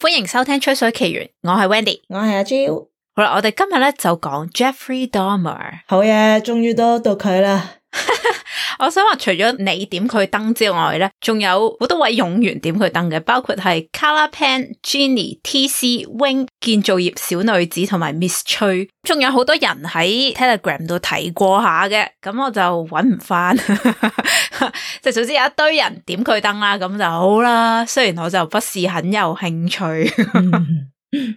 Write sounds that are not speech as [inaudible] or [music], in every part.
歡迎收聽《吹水奇緣》，我係 Wendy，我係阿蕉。好啦，我哋今日咧就講 Jeffrey Dahmer。好嘢，終於都到佢啦。 [laughs] 我想話，除咗你點佢燈之外咧，仲有好多位踴躍點佢燈嘅，包括係 Color Pen、Jenny、T C Wing、建造業小女子同埋 Miss 崔，仲有好多人喺 Telegram 度睇過下嘅，咁我就揾唔翻。即 [laughs] 係總之有一堆人點佢燈啦，咁就好啦。雖然我就不是很有興趣。 [laughs] mm hmm.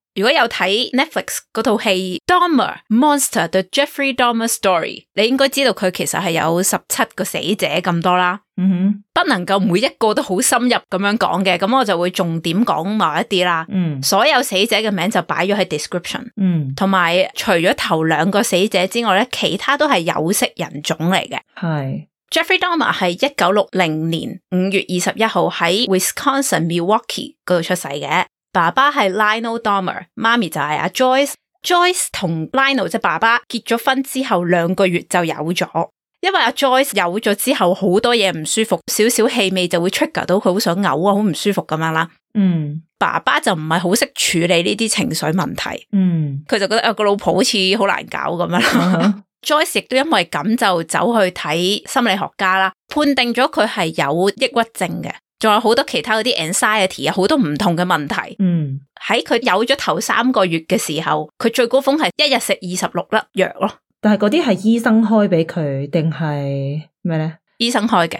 如果有睇 Netflix 嗰套戲《Dahmer Monster》The Jeffrey Dahmer Story，你應該知道佢其實係有十七個死者咁多啦。嗯、mm，hmm. 不能夠每一個都好深入咁樣講嘅，咁我就會重點講某一啲啦。嗯、mm，hmm. 所有死者嘅名就擺咗喺 description。嗯、mm，hmm. 同埋除咗頭兩個死者之外咧，其他都係有色人種嚟嘅。係 Hi. Jeffrey Dahmer 係一九六零年五月二十一號喺 Wisconsin Milwaukee 嗰度出世嘅。爸爸係 Lionel Dahmer 媽咪就係阿 Joyce。Joyce 同 Lionel 即爸爸結咗婚之後兩個月就有咗，因為阿 Joyce 有咗之後好多嘢唔舒服，少少氣味就會 trigger 到佢好想嘔啊，好唔舒服咁樣啦。嗯，爸爸就唔係好識處理呢啲情緒問題。嗯，佢就覺得個、呃、老婆好似好難搞咁樣、 [laughs] 嗯、Joyce 亦都因為咁就走去睇心理學家啦，判定咗佢係有抑鬱症嘅。仲有好多其他嗰啲 anxiety 啊，好多唔同嘅問題。嗯，喺佢有咗頭三個月嘅時候，佢最高峰係一日食二十六粒藥咯。但係嗰啲係醫生開俾佢定係咩咧？醫生開嘅。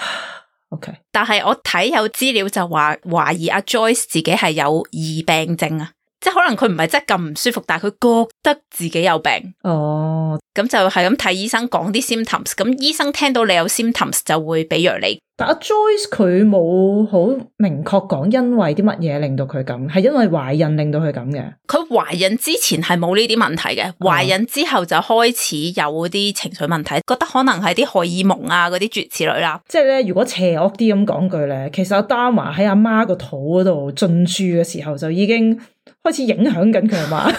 OK，但係我睇有資料就話懷疑阿 Joyce 自己係有疑病症啊。即係可能佢唔係真係咁唔舒服，但係佢覺得自己有病。哦，咁就係咁睇醫生講啲 symptoms。咁醫生聽到你有 symptoms，就會俾藥你。但阿 Joyce 佢冇好明確講，因為啲乜嘢令到佢咁，係因為懷孕令到佢咁嘅。佢懷孕之前係冇呢啲問題嘅，懷孕之後就開始有啲情緒問題，oh. 覺得可能係啲荷爾蒙啊嗰啲絕次類啦。即係咧，如果邪惡啲咁講句咧，其實阿 Dahmer 喺阿媽個肚嗰度進駐嘅時候就已經。開始影響緊佢係嘛？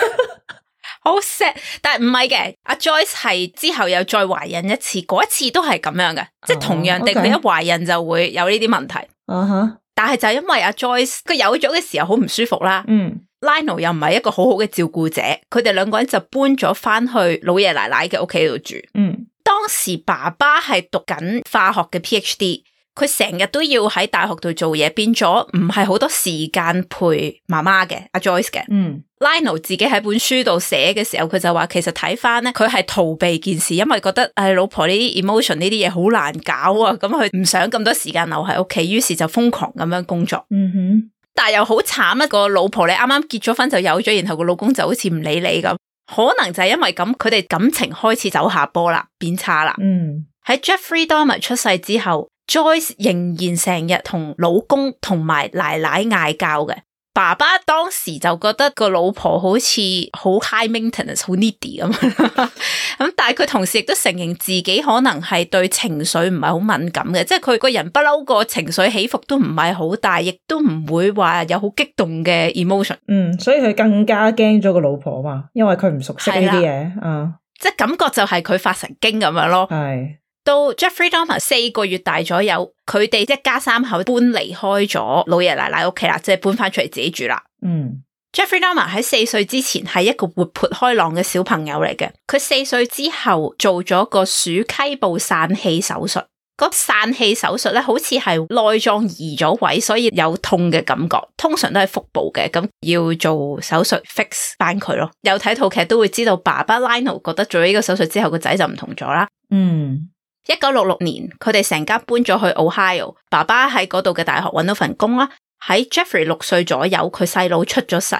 好、 [laughs] [laughs] oh, sad，但係唔係嘅。阿 Joyce 係之後又再懷孕一次，嗰一次都係咁樣嘅，即係同樣地，佢一懷孕就會有呢啲問題。啊哈、uh！Huh. 但係就因為阿 Joyce 佢有咗嘅時候好唔舒服啦。嗯，Lionel 又唔係一個好好嘅照顧者，佢哋兩個人就搬咗翻去老爺奶奶嘅屋企度住。嗯、uh，huh. 當時爸爸係讀緊化學嘅 PhD。佢成日都要喺大學度做嘢，變咗唔係好多時間陪媽媽嘅阿 Joyce 嘅。嗯、Lionel 自己喺本書度寫嘅時候，佢就話其實睇翻咧，佢係逃避件事，因為覺得誒、啊、老婆呢啲 emotion 呢啲嘢好難搞啊，咁佢唔想咁多時間留喺屋企，於是就瘋狂咁樣工作。嗯哼，但係又好慘一個老婆你啱啱結咗婚就有咗，然後個老公就好似唔理你咁，可能就係因為咁，佢哋感情開始走下坡啦，變差啦。嗯，喺 Jeffrey Dahmer 出世之後，Joyce 仍然成日同老公同埋奶奶嗌交嘅，爸爸當時就覺得個老婆好似好 high maintenance、好 needy 咁咁，但係佢同時亦都承認自己可能係對情緒唔係好敏感嘅，即係佢個人不嬲個情緒起伏都唔係好大，亦都唔會話有好激動嘅 emotion。嗯，所以佢更加驚咗個老婆嘛，因為佢唔熟悉呢啲嘢，的嗯，即係感覺就係佢發神經咁樣咯。係。到 Jeffrey Dahmer 四個月大左右，佢哋即家三口搬離開咗老爺奶奶屋企啦，即係搬翻出嚟自己住啦。嗯，Jeffrey Dahmer 喺四歲之前係一個活潑開朗嘅小朋友嚟嘅。佢四歲之後做咗個鼠蹊部疝氣手術。個疝氣手術咧，好似係內臟移咗位，所以有痛嘅感覺。通常都係腹部嘅，咁要做手術 fix 翻佢咯。有睇套劇都會知道，爸爸 Lionel 覺得做咗呢個手術之後個仔就唔同咗啦。嗯。一九六六年，佢哋成家搬咗去 Ohio，爸爸喺嗰度嘅大學揾到份工啦。喺 Jeffrey 六歲左右，佢細佬出咗世，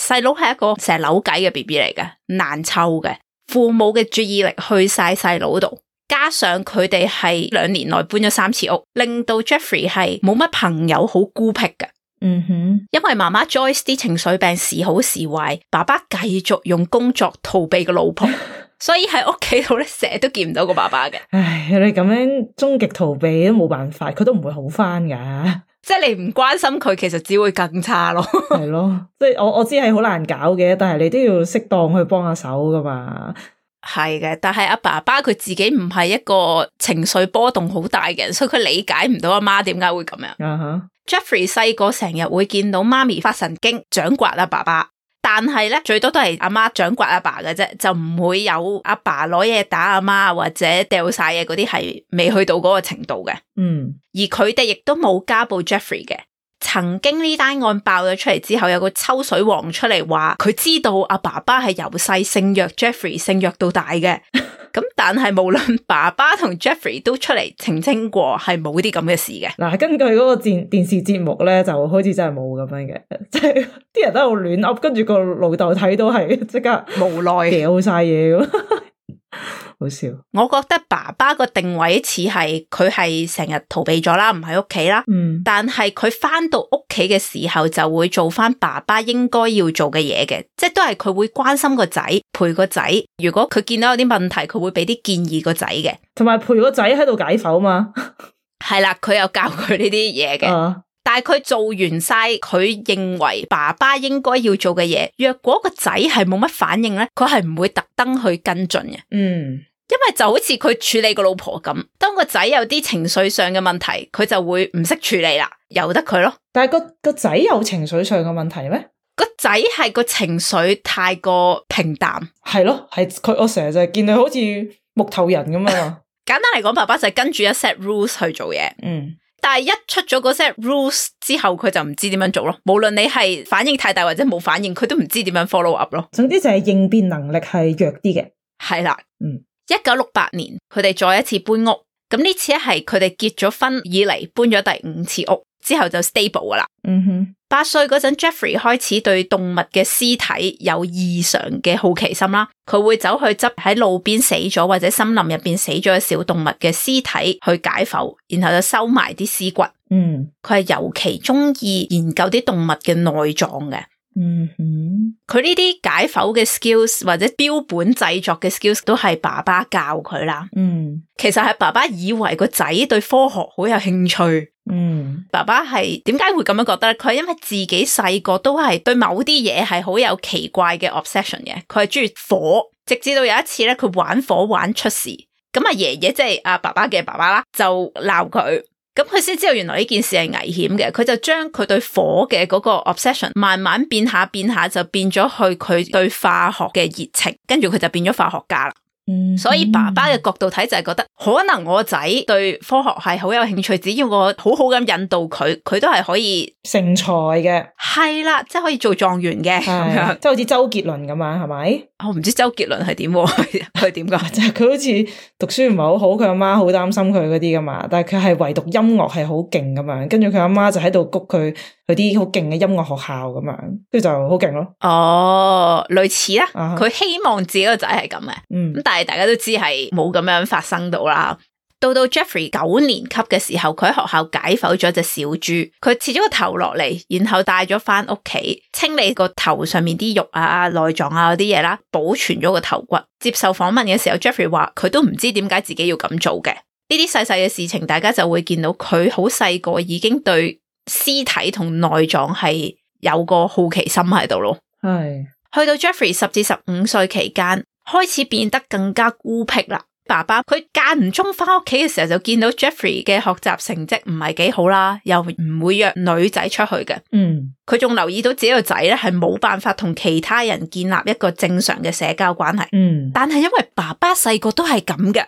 細佬係一個成日扭計嘅 BB 嚟嘅，難湊嘅。父母嘅注意力去晒細佬度，加上佢哋係兩年內搬咗三次屋，令到 Jeffrey 係冇乜朋友，好孤僻嘅。嗯哼、mm，hmm。因為媽媽 Joyce 啲情緒病時好時壞，爸爸繼續用工作逃避個老婆。 [laughs] 所以喺屋企度咧，成日都見唔到個爸爸嘅。唉，你咁樣終極逃避都冇辦法，佢都唔會好返㗎。即係你唔關心佢，其實只會更差咯。係 [laughs] 咯，即係我我知係好難搞嘅，但係你都要適當去幫下手㗎嘛。係嘅，但係阿爸爸佢自己唔係一個情緒波動好大嘅人，所以佢理解唔到阿媽點解會咁樣。嗯哼。Jeffrey 細個成日會見到媽咪發神經掌摑阿爸爸。但係咧，最多都係阿媽掌摑阿爸嘅啫，就唔會有阿爸攞嘢打阿媽或者掉晒嘢嗰啲，係未去到嗰個程度嘅。嗯，而佢哋亦都冇家暴 Jeffrey 嘅。曾經呢單案爆咗出嚟之後，有個抽水王出嚟話佢知道阿爸爸係由細性虐 Jeffrey 性虐到大嘅。 [laughs] 咁但係無論爸爸同 Jeffrey 都出嚟澄清過，係冇啲咁嘅事嘅。嗱，根據嗰個電電視節目咧，就好似真係冇咁樣嘅，即係啲人都喺度亂噏，跟住個老豆睇到係即刻無奈掉晒嘢好笑，我覺得爸爸個定位似係佢係成日逃避咗啦，唔喺屋企啦。嗯，但係佢翻到屋企嘅時候就會做翻爸爸應該要做嘅嘢嘅，即係都係佢會關心個仔，陪個仔。如果佢見到有啲問題，佢會俾啲建議個仔嘅，同埋陪個仔喺度解剖啊嘛。係 [laughs] 啦，佢有教佢呢啲嘢嘅。啊但係佢做完晒，佢認為爸爸應該要做嘅嘢。若果個仔係冇乜反應咧，佢係唔會特登去跟進嘅。嗯，因為就好似佢處理個老婆咁，當個仔有啲情緒上嘅問題，佢就會唔識處理啦，由得佢咯。但係個個仔有情緒上嘅問題咩？個仔係個情緒太過平淡。係咯，係佢我成日就係見佢好似木頭人咁樣。 [laughs] 簡單嚟講，爸爸就係跟住一 set rules 去做嘢。嗯。但係一出咗嗰 set rules 之後，佢就唔知點樣做咯。無論你係反應太大或者冇反應，佢都唔知點樣 follow up 咯。總之就係應變能力係弱啲嘅。係啦，嗯，一九六八年佢哋再一次搬屋，咁呢次係佢哋結咗婚以嚟，搬咗第五次屋之後就 stable 噶啦。嗯哼。八歲嗰陣，Jeffrey 開始對動物嘅屍體有異常嘅好奇心啦。佢會走去執喺路邊死咗或者森林入邊死咗嘅小動物嘅屍體去解剖，然後就收埋啲屍骨。嗯，佢係尤其中意研究啲動物嘅內臟嘅。嗯，佢呢啲解剖嘅 skills 或者標本製作嘅 skills 都係爸爸教佢啦。嗯，其實係爸爸以為個仔對科學好有興趣。嗯，爸爸係點解會咁樣覺得咧？佢係因為自己細個都係對某啲嘢係好有奇怪嘅 obsession 嘅，佢係中意火，直至到有一次咧，佢玩火玩出事，咁阿爺爺即係阿爸爸嘅爸爸啦，就鬧佢，咁佢先知道原來呢件事係危險嘅，佢就將佢對火嘅嗰個 obsession 慢慢變下變下，就變咗去佢對化學嘅熱情，跟住佢就變咗化學家啦。嗯，所以爸爸嘅角度睇就係覺得。可能我仔對科學係好有興趣，只要我好好咁引導佢，佢都係可以成才嘅。係啦，即係可以做狀元嘅的樣即係好似周杰倫咁樣，係咪？我唔、哦、知周杰倫係點，佢點噶？即係佢好似讀書唔係好好，佢阿媽好擔心佢嗰啲噶嘛。但係佢係唯獨音樂係好勁咁樣，跟住佢阿媽就喺度谷佢，去啲好勁嘅音樂學校咁樣，跟住就好勁咯。哦，類似啦、啊，佢 [laughs] 希望自己個仔係咁嘅，咁、嗯、但係大家都知係冇咁樣發生到。到到 Jeffrey 九年級嘅時候，佢喺學校解剖咗隻小豬，佢切咗個頭落嚟，然後帶咗翻屋企清理個頭上面啲肉啊、內臟啊啲嘢啦，保存咗個頭骨。接受訪問嘅時候，Jeffrey 話佢都唔知點解自己要咁做嘅。呢啲細細嘅事情，大家就會見到佢好細個已經對屍體同內臟係有個好奇心喺度咯。係的去到 Jeffrey 十至十五歲期間，開始變得更加孤僻啦。爸爸佢間唔中翻屋企嘅時候就見到 Jeffrey 嘅學習成績唔係幾好啦，又唔會約女仔出去嘅。嗯，佢仲留意到自己個仔咧係冇辦法同其他人建立一個正常嘅社交關係。嗯，但係因為爸爸細個都係咁嘅，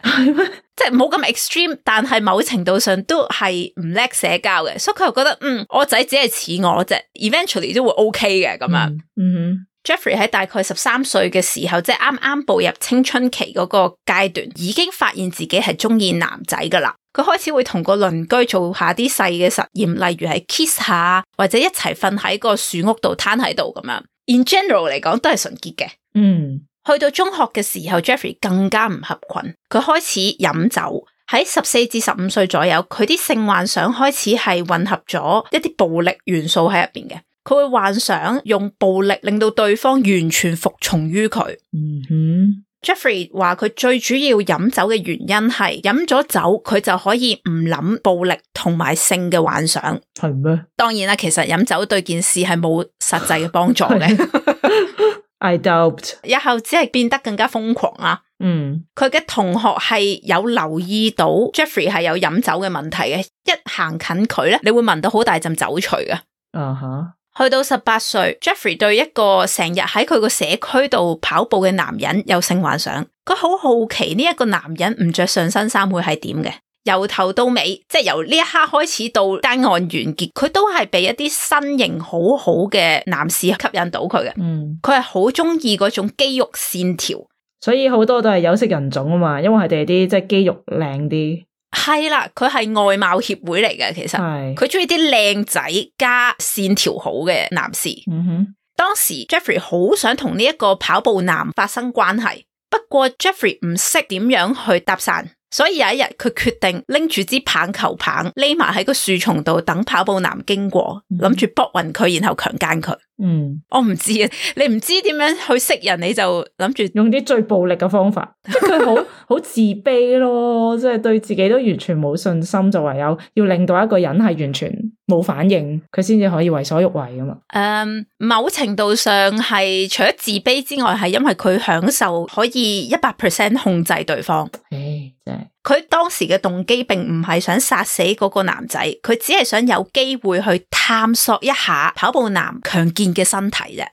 即係冇咁 extreme，但係某程度上都係唔叻社交嘅，所以佢又覺得嗯，我仔只係似我啫，eventually 都會 OK 嘅咁樣嗯。嗯哼。Jeffrey 喺大概十三歲嘅時候，即係啱啱步入青春期嗰個階段，已經發現自己係中意男仔噶啦。佢開始會同個鄰居做下啲細嘅實驗，例如係 kiss 下，或者一齊瞓喺個樹屋度攤喺度咁樣。In general 嚟講，都係純潔嘅。嗯，mm. 去到中學嘅時候，Jeffrey 更加唔合群。佢開始飲酒，喺十四至十五歲左右，佢啲性幻想開始係混合咗一啲暴力元素喺入邊嘅。佢會幻想用暴力令到對方完全服從於佢。嗯哼、mm hmm.，Jeffrey 話佢最主要飲酒嘅原因係飲咗酒佢就可以唔諗暴力同埋性嘅幻想。係咩嗎？當然啦，其實飲酒對件事係冇實際嘅幫助嘅。 [laughs] [laughs] [laughs] I doubt 以後只係變得更加瘋狂啊。嗯，佢嘅同學係有留意到 Jeffrey 係有飲酒嘅問題嘅，一行近佢咧，你會聞到好大陣酒除㗎。啊哈、uh。Huh. 去到十八歲，Jeffrey 對一個成日喺佢個社區度跑步嘅男人有性幻想，佢好好奇呢一個男人唔着上身衫會係點嘅。由頭到尾，即係由呢一刻開始到單案完結，佢都係俾一啲身形好好嘅男士吸引到佢嘅。嗯，佢係好中意嗰種肌肉線條，所以好多都係有色人種啊嘛，因為佢哋啲即係肌肉靚啲。係啦，佢係外貌協會嚟嘅，其實佢中意啲靚仔加線條好嘅男士。嗯哼。當時 Jeffrey 好想同呢一個跑步男發生關係，不過 Jeffrey 唔識點樣去搭訕，所以有一日佢決定拎住支棒球棒匿埋喺個樹叢度等跑步男經過，諗住撲暈佢然後強姦佢。嗯，我唔知啊，你唔知點樣去識人，你就諗住用啲最暴力嘅方法，佢好好自卑咯，即係對自己都完全冇信心，就唯有要令到一個人係完全冇反應，佢先至可以爲所欲爲噶嘛。嗯，某程度上係除咗自卑之外，係因爲佢享受可以一百 percent 控制對方。唉，真係。佢當時嘅動機並唔係想殺死嗰個男仔，佢只係想有機會去探索一下跑步男強健嘅身體啫。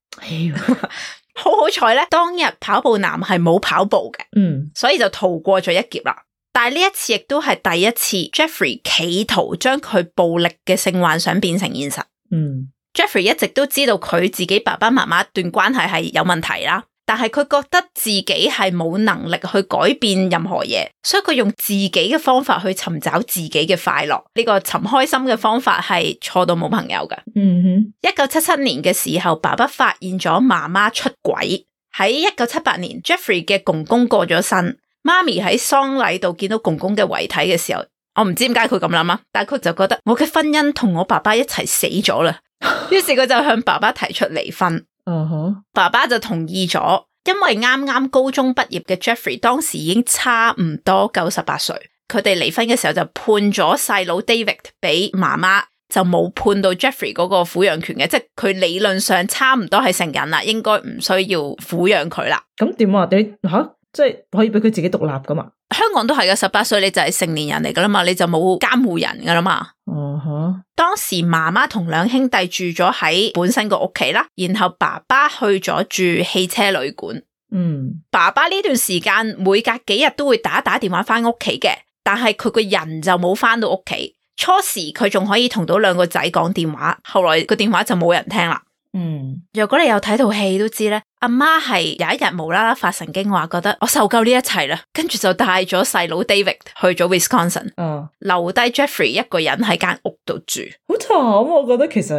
好好彩咧，當日跑步男係冇跑步嘅，嗯，所以就逃過咗一劫啦。但係呢一次亦都係第一次 Jeffrey 企圖將佢暴力嘅性幻想變成現實。嗯，Jeffrey 一直都知道佢自己爸爸媽媽一段關係係有問題啦。但係佢覺得自己係冇能力去改變任何嘢，所以佢用自己嘅方法去尋找自己嘅快樂。呢個尋開心嘅方法係錯到冇朋友噶。嗯哼，一九七七年嘅時候，爸爸發現咗媽媽出軌。喺一九七八年，Jeffrey 嘅公公過咗身，媽咪喺喪禮度見到公公嘅遺體嘅時候，我唔知點解佢咁諗啊，但係佢就覺得我嘅婚姻同我爸爸一齊死咗啦， [laughs] 於是佢就向爸爸提出離婚。嗯哼，uh huh. 爸爸就同意咗，因為啱啱高中畢業嘅 Jeffrey 當時已經差唔多九十八歲，佢哋離婚嘅時候就判咗細佬 David 俾媽媽，就冇判到 Jeffrey 嗰個撫養權嘅，即係佢理論上差唔多係成人啦，應該唔需要撫養佢啦。咁點啊？你 [noise] 吓樂？即係可以俾佢自己獨立噶嘛？香港都係嘅，十八歲你就係成年人嚟噶啦嘛，你就冇監護人噶啦嘛。哦哼、uh，huh. 當時媽媽同兩兄弟住咗喺本身個屋企啦，然後爸爸去咗住汽車旅館。嗯、uh，huh. 爸爸呢段時間每隔幾日都會打打電話翻屋企嘅，但係佢個人就冇翻到屋企。初時佢仲可以同到兩個仔講電話，後來個電話就冇人聽啦。嗯，若果你有睇套戲都知咧，阿媽係有一日無啦啦發神經話，覺得我受夠呢一齊切啦，跟住就帶咗細佬 David 去咗 Wisconsin，嗯，留低 Jeffrey 一個人喺間屋度住，好慘。我覺得其實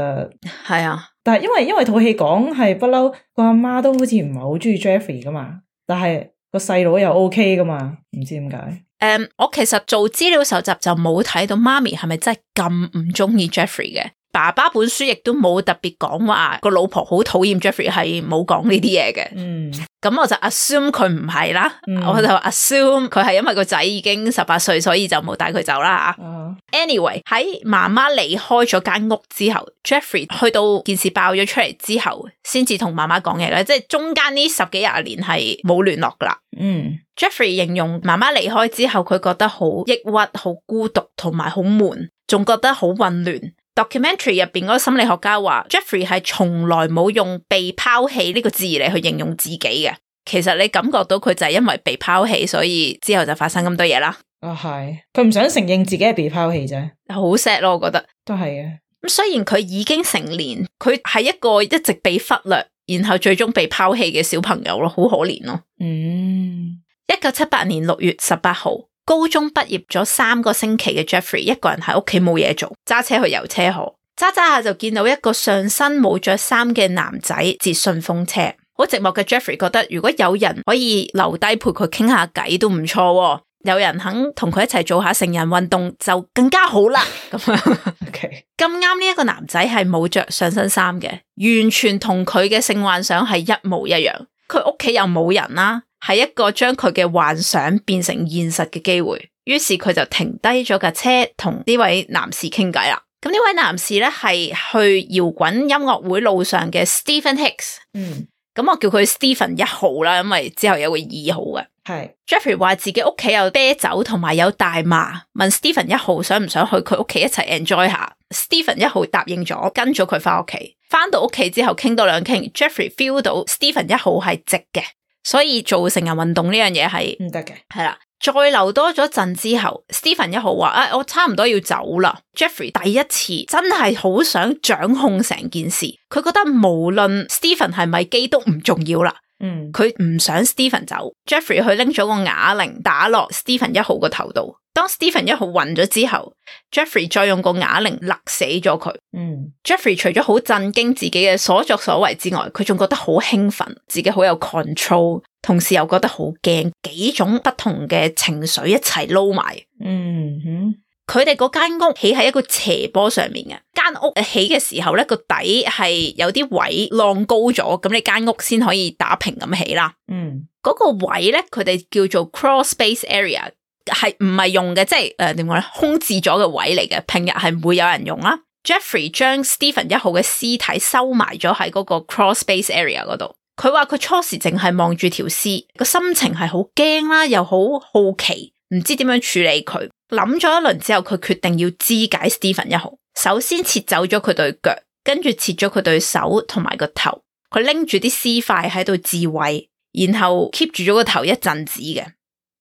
係啊，但係因為因為套戲講係不嬲個阿媽都好似唔係好中意 Jeffrey 噶嘛，但係個細佬又 OK 噶嘛，唔知點解。誒、嗯，我其實做資料搜集就冇睇到媽咪係咪真係咁唔中意 Jeffrey 嘅。爸爸本書亦都冇特別講話個老婆好討厭 Jeffrey，係冇講呢啲嘢嘅。嗯，咁我就 assume 佢唔係啦，嗯、我就 assume 佢係因為個仔已經十八歲，所以就冇帶佢走啦啊。哦、Anyway 喺媽媽離開咗間屋之後、嗯、Jeffrey 去到件事爆咗出嚟之後，先至同媽媽講嘢咧，即係中間呢十幾廿年係冇聯絡噶啦。嗯 Jeffrey 形容媽媽離開之後，佢覺得好抑鬱、好孤獨，同埋好悶，仲覺得好混亂。documentary 入邊嗰個心理學家話，Jeffrey 係從來冇用被拋棄呢個字嚟去形容自己嘅。其實你感覺到佢就係因為被拋棄，所以之後就發生咁多嘢啦。啊，係佢唔想承認自己係被拋棄啫。好 sad 咯，我覺得。都係啊。咁雖然佢已經成年，佢係一個一直被忽略，然後最終被拋棄嘅小朋友咯，好可憐咯、啊。嗯、mm.，一九七八年六月十八號。高中畢業咗三個星期嘅 Jeffrey 一個人喺屋企冇嘢做，揸車去游車河，揸揸下就見到一個上身冇着衫嘅男仔接順風車。好寂寞嘅 Jeffrey 覺得如果有人可以留低陪佢傾下偈都唔錯，哦，有人肯同佢一齊做下成人運動就更加好啦。咁樣咁啱呢一個男仔係冇着上身衫嘅，完全同佢嘅性幻想係一模一樣。佢屋企又冇人啦，啊。係一個將佢嘅幻想變成現實嘅機會，於是佢就停低咗架車，同呢位男士傾偈啦。咁呢位男士咧係去搖滾音樂會路上嘅 Steven Hicks，嗯，咁、嗯、我叫佢 Steven 一號啦，因為之後有個二號嘅。係是 Jeffrey 話自己屋企有啤酒同埋有大麻，問 Steven 一號想唔想去佢屋企一齊 enjoy 下。 [laughs] Steven 一號答應咗，跟咗佢翻屋企。翻到屋企之後傾多兩傾，Jeffrey feel 到 Steven 一號係直嘅。所以做成人運動呢樣嘢係唔得嘅，係啦。再留多咗陣之後，Stephen 一號話，哎，我差唔多要走啦。Jeffrey 第一次真係好想掌控成件事，佢覺得無論 Stephen 係咪基都唔重要啦。嗯，佢唔 [noise] 想 Steven 走，Jeffrey 佢拎咗個啞鈴打落 Steven 一號個頭度。當 Steven 一號暈咗之後，Jeffrey 再用個啞鈴勒死咗佢。嗯 [noise] ，Jeffrey 除咗好震驚自己嘅所作所為之外，佢仲覺得好興奮，自己好有 control，同時又覺得好驚，幾種不同嘅情緒一齊撈埋。嗯哼。 [noise] 佢哋嗰間屋起喺一個斜坡上面嘅，間屋起嘅時候咧，個底係有啲位浪高咗，咁你間屋先可以打平咁起啦。嗯，嗰個位咧，佢哋叫做 cross space area，係唔係用嘅，即係誒點講咧，空置咗嘅位嚟嘅，平日係唔會有人用啦。Jeffrey 將 Steven 一號嘅屍體收埋咗喺嗰個 cross space area 嗰度，佢話佢初時淨係望住條屍，個心情係好驚啦，又好好奇，唔知點樣處理佢。諗咗一輪之後，佢決定要肢解 Steven 一號。首先切走咗佢對腳，跟住切咗佢對手同埋個頭。佢拎住啲屍塊喺度自慰，然後 keep 住咗個頭一陣子嘅。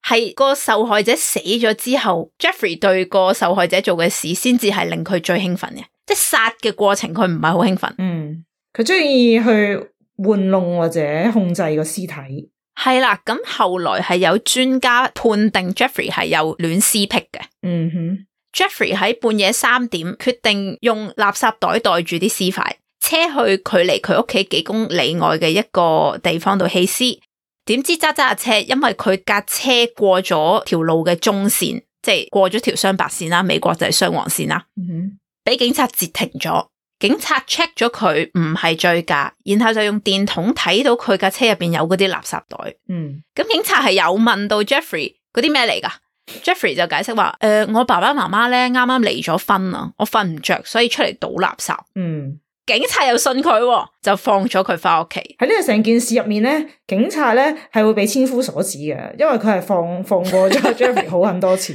係個受害者死咗之後，Jeffrey 對個受害者做嘅事，先至係令佢最興奮嘅。即係殺嘅過程，佢唔係好興奮。嗯，佢中意去玩弄或者控制個屍體。係啦，咁後來係有專家判定 Jeff、mm hmm. Jeffrey 係有戀屍癖嘅。嗯哼，Jeffrey 喺半夜三點決定用垃圾袋袋住啲屍塊，車去距離佢屋企幾公里外嘅一個地方度棄屍。點知揸揸下車，因為佢架車過咗條路嘅中線，即係過咗條雙白線啦，美國就係雙黃線啦，俾、mm hmm. 警察截停咗。警察 check 咗佢唔係醉駕，然後就用電筒睇到佢架車入邊有嗰啲垃圾袋。嗯，咁警察係有問到 Jeffrey 嗰啲咩嚟噶 [laughs] ？Jeffrey 就解釋話：誒、呃，我爸爸媽媽咧啱啱離咗婚啊，我瞓唔着，所以出嚟倒垃圾。嗯，警察又信佢、哦，就放咗佢返屋企。喺呢個成件事入面咧，警察咧係會俾千夫所指嘅，因為佢係放放過咗 Jeffrey 好很多次。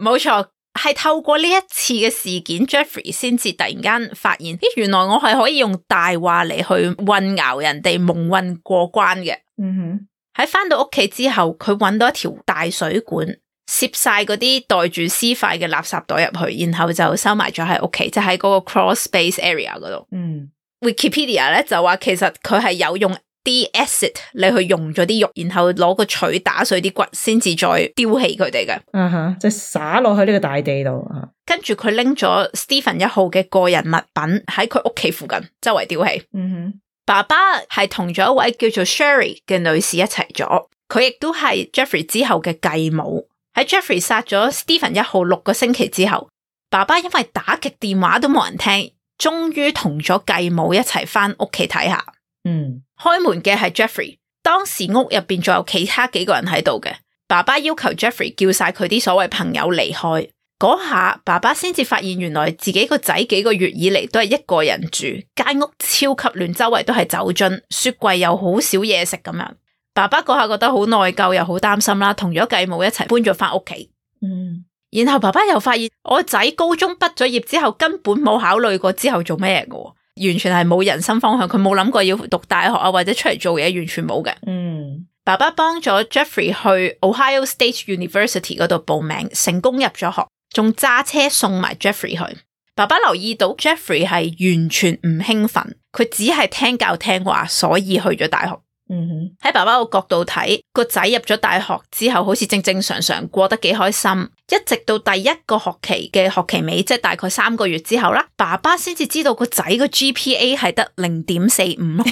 冇 [laughs] [laughs] 錯。係透過呢一次嘅事件，Jeffrey 先至突然間發現，咦，原來我係可以用大話嚟，去混淆人哋蒙混過關嘅。嗯哼、mm，喺、hmm. 翻到屋企之後，佢揾到一條大水管，攝晒嗰啲袋住屍塊嘅垃圾袋入去，然後就收埋咗喺屋企，就喺、係、嗰個 Cross Space Area 嗰度。嗯、mm hmm.，Wikipedia 咧就話，其實佢係有用啲 acid 你去溶咗啲肉，然後攞個錘打碎啲骨，先至再丟棄佢哋嘅。啊哈、uh！Huh, 即係撒落去呢個大地度啊。跟住佢拎咗 Steven 一號嘅個人物品喺佢屋企附近周圍丟棄。嗯哼、mm，hmm. 爸爸係同咗一位叫做 Sherry 嘅女士一齊咗。佢亦都係 Jeffrey 之後嘅繼母。喺 Jeffrey 殺咗 Steven 一號六個星期之後，爸爸因為打極電話都冇人聽，終於同咗繼母一齊翻屋企睇下。嗯、mm。Hmm. 開門嘅係 Jeffrey，當時屋入邊仲有其他幾個人喺度嘅。爸爸要求 Jeffrey 叫晒佢啲所謂朋友離開。嗰下爸爸先至發現原來自己個仔幾個月以嚟都係一個人住，間屋超級亂，周圍都係酒樽，雪櫃又好少嘢食咁樣。爸爸嗰下覺得好內疚又擔，又好擔心啦，同咗繼母一齊搬咗翻屋企。嗯，然後爸爸又發現我仔高中畢咗業之後根本冇考慮過之後做咩嘢嘅。完全係冇人生方向，佢冇諗過要讀大學啊，或者出嚟做嘢，完全冇嘅。嗯，爸爸幫咗 Jeffrey 去 Ohio State University 嗰度報名，成功入咗學，仲揸車送埋 Jeffrey 去。爸爸留意到 Jeffrey 係完全唔興奮，佢只係聽教聽話，所以去咗大學。嗯哼，喺爸爸個角度睇，個仔入咗大學之後，好似正正常常過得幾開心。一直到第一個學期嘅學期尾，即係大概三個月之後啦，爸爸先至知道個仔個 GPA 係得零點四五，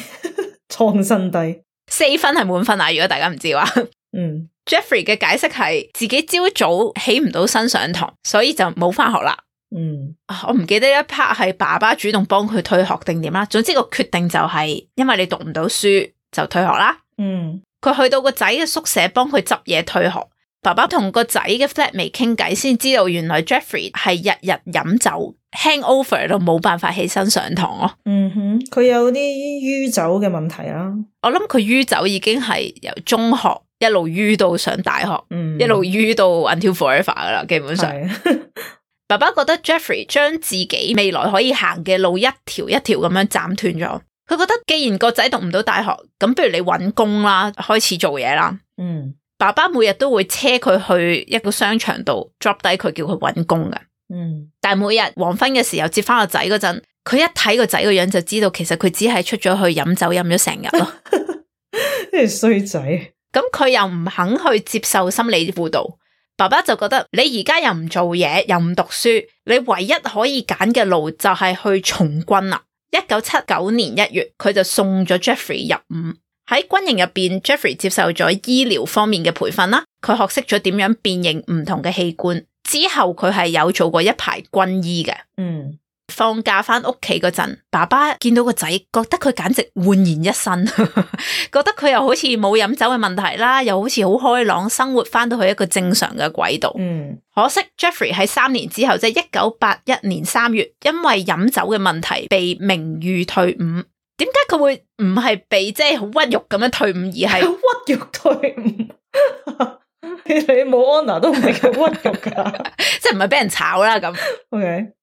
創新低，四分係滿分啊！如果大家唔知嘅話，嗯，Jeffrey 嘅解釋係自己朝早起唔到身上堂，所以就冇翻學啦。嗯，我唔記得一 part 係爸爸主動幫佢退學定點啦。總之個決定就係、是、因為你讀唔到書。就退學啦。嗯，佢去到個仔嘅宿舍幫佢執嘢退學。爸爸同個仔嘅 flatmate 傾偈先知道原來 Jeffrey 係日日飲酒 hangover 到冇辦法起身上堂咯。嗯哼，佢有啲酗酒嘅問題啊。我諗佢酗酒已經係由中學一路酗到上大學，嗯、一路酗到 until forever 噶啦。基本上，是 [laughs] 爸爸覺得 Jeffrey 將自己未來可以行嘅路一條一條咁樣斬斷咗。佢覺得既然個仔讀唔到大學，咁不如你搵工啦，開始做嘢啦。嗯，爸爸每日都會車佢去一個商場度 drop 低佢，叫佢搵工嘅。嗯，但係每日黃昏嘅時候接翻個仔嗰陣，佢一睇個仔個樣就知道，其實佢只係出咗去飲酒飲咗成日咯。啲衰仔，咁佢 [laughs] 又唔肯去接受心理輔導。爸爸就覺得你而家又唔做嘢，又唔讀書，你唯一可以揀嘅路就係去從軍啦。一九七九年一月，佢就送咗 Jeffrey 入伍，喺軍營入面，Jeffrey 接受咗醫療方面嘅培訓啦。佢學識咗點樣辨認唔同嘅器官。之後佢係有做過一排軍醫嘅。嗯。放假翻屋企嗰陣，爸爸見到個仔，覺得佢簡直煥然一新， [laughs] 覺得佢又好似冇飲酒嘅問題啦，又好似好開朗，生活翻到去一個正常嘅軌道。嗯，可惜 Jeffrey 喺三年之後，即係一九八一年三月，因為飲酒嘅問題被名譽退伍。點解佢會唔係被即係好屈辱咁樣退伍，而係屈辱退伍？ [laughs] 你冇 honor 都唔係咁屈辱噶， [laughs] 即係唔係俾人炒啦咁。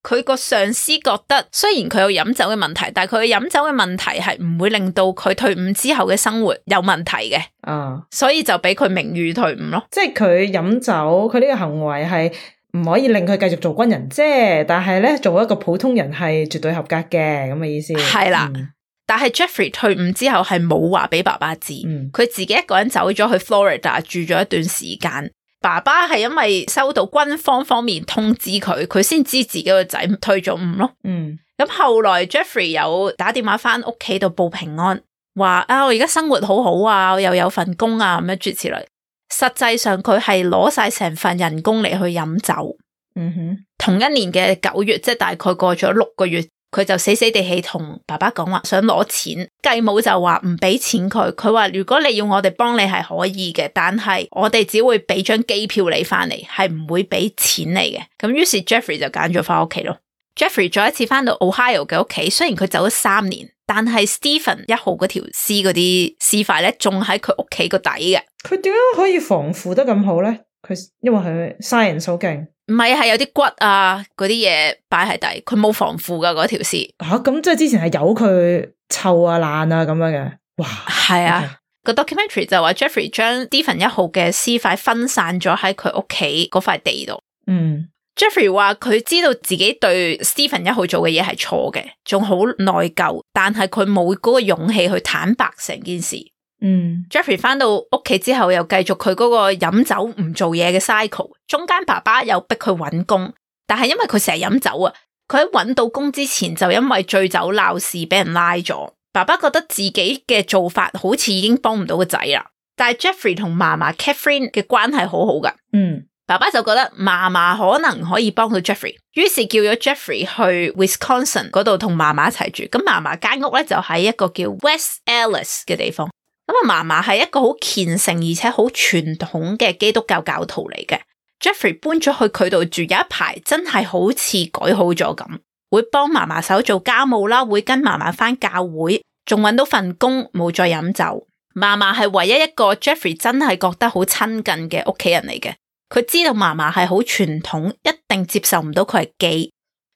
佢個 Okay. 上司覺得，雖然佢有飲酒嘅問題，但係佢飲酒嘅問題係唔會令到佢退伍之後嘅生活有問題嘅。啊，uh, 所以就俾佢名譽退伍咯。即係佢飲酒，佢呢個行為係唔可以令佢繼續做軍人啫。但係咧，做一個普通人係絕對合格嘅咁嘅意思。係啦的。嗯但係 Jeffrey 退伍之後係冇話俾爸爸知，佢、嗯、自己一個人走咗去 Florida 住咗一段時間。爸爸係因為收到軍方方面通知佢，佢先知自己個仔退咗伍咯。咁、嗯、後來 Jeffrey 有打電話翻屋企度報平安，話啊我而家生活好好啊，又有份工啊咁樣諸如此類。實際上佢係攞晒成份人工嚟去飲酒。嗯哼，同一年嘅九月，即係大概過咗六個月。佢就死死地氣同爸爸講話，想攞錢，繼母就話唔俾錢佢。佢話如果你要我哋幫你係可以嘅，但係我哋只會俾張機票你翻嚟，係唔會俾錢你嘅。咁於是 Jeffrey 就揀咗翻屋企咯。 [noise] Jeffrey 再一次翻到 Ohio 嘅屋企，雖然佢走咗三年，但係 Steven 一號嗰條絲嗰啲示塊咧，仲喺佢屋企個底嘅。佢點解可以防腐得咁好咧？佢因為佢殺人數勁，唔係啊，係有啲骨啊嗰啲嘢擺喺底，佢冇防腐噶嗰條屍。吓、啊，咁、嗯、即係之前係由佢臭啊爛啊咁樣嘅。哇，係啊，個 documentary 就話 Jeffrey 將 [noise] Stephen 一號嘅屍塊分散咗喺佢屋企嗰塊地度。嗯 [noise] ，Jeffrey 話佢知道自己對 Stephen 一號做嘅嘢係錯嘅，仲好內疚，但係佢冇嗰個勇氣去坦白成件事。嗯，Jeffrey 翻到屋企之後，又繼續佢嗰個飲酒唔做嘢嘅 cycle。中間爸爸又逼佢揾工，但係因為佢成日飲酒啊，佢喺揾到工之前就因為醉酒鬧事俾人拉咗。爸爸覺得自己嘅做法好似已經幫唔到個仔啦。但係 Jeffrey 同嫲嫲 Catherine 嘅關係好好噶，嗯，爸爸就覺得嫲嫲可能可以幫到 Jeffrey，於是叫咗 Jeffrey 去 Wisconsin 嗰度同嫲嫲一齊住。咁嫲嫲間屋咧就喺一個叫 West Alice 嘅地方。咁阿嫲嫲係一個好虔誠而且好傳統嘅基督教教徒嚟嘅，Jeffrey 搬咗去佢度住有一排真係好似改好咗咁，會幫嫲嫲手做家務啦，會跟嫲嫲返教會，仲揾到份工，冇再飲酒。嫲嫲係唯一一個 Jeffrey 真係覺得好親近嘅屋企人嚟嘅，佢知道嫲嫲係好傳統，一定接受唔到佢係 gay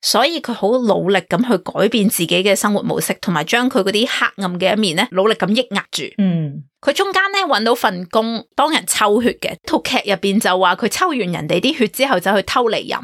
所以佢好努力咁去改變自己嘅生活模式，同埋將佢嗰啲黑暗嘅一面咧，努力咁抑壓住。嗯，佢中間咧搵到份工幫人抽血嘅，套劇入邊就話佢抽完人哋啲血之後就去偷嚟飲，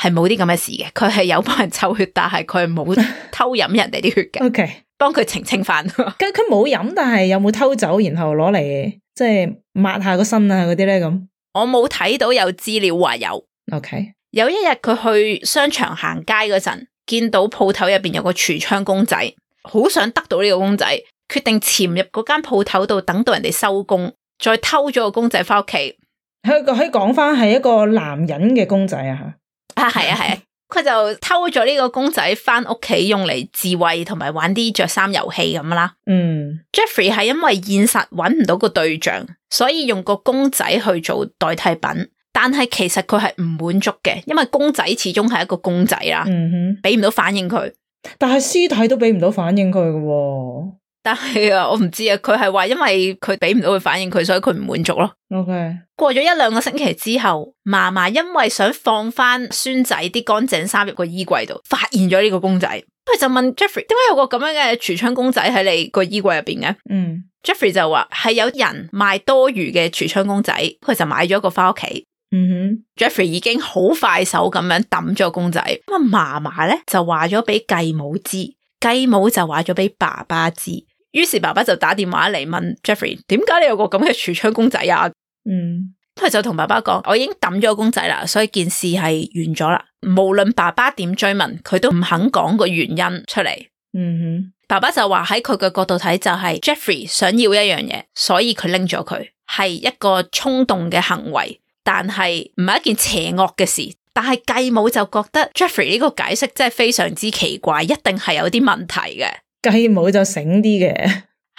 係冇啲咁嘅事嘅。佢係有幫人抽血，但係佢係冇偷飲人哋啲血嘅。OK，幫佢澄清翻。佢冇飲，但係有冇偷走然後攞嚟即係抹下個身啊嗰啲咧咁？我冇睇到有資料話有。OK。有一日佢去商場行街嗰陣，見到鋪頭入邊有個櫥窗公仔，好想得到呢個公仔，決定潛入嗰間鋪頭度，等到人哋收工，再偷咗個公仔翻屋企。佢可以講翻係一個男人嘅公仔啊吓！啊係啊係啊，佢、啊啊啊、 [laughs] 就偷咗呢個公仔翻屋企用嚟自慰同埋玩啲着衫遊戲咁啦。嗯，Jeffrey 係因為現實搵唔到個對象，所以用個公仔去做代替品。但係其實佢係唔滿足嘅，因為公仔始終係一個公仔啦，嗯哼、俾唔到反應佢。但係屍體都俾唔到反應佢嘅喎。但係啊，我唔知啊，佢係話因為佢俾唔到佢反應佢，所以佢唔滿足咯。OK。過咗一兩個星期之後，嫲嫲因為想放翻孫仔啲乾淨衫入個衣櫃度，發現咗呢個公仔，佢就問 Jeffrey，點解有個咁樣嘅櫥窗公仔喺你個衣櫃入邊嘅？嗯，Jeffrey 就話係有人賣多餘嘅櫥窗公仔，佢就買咗一個翻屋企。嗯哼、mm hmm.，Jeffrey 已經好快手咁樣抌咗公仔，咁啊，媽媽咧就話咗俾繼母知，繼母就話咗俾爸爸知，於是爸爸就打電話嚟問 Jeffrey 點解你有個咁嘅櫥窗公仔啊？嗯、mm，佢、hmm. 就同爸爸講，我已經抌咗公仔啦，所以件事係完咗啦。無論爸爸點追問，佢都唔肯講個原因出嚟。嗯哼、mm，hmm. 爸爸就話喺佢嘅角度睇，就係、是、Jeffrey 想要一樣嘢，所以佢拎咗佢，係一個衝動嘅行為。但係唔係一件邪惡嘅事，但係繼母就覺得 Jeffrey 呢個解釋真係非常之奇怪，一定係有啲問題嘅。繼母就醒啲嘅，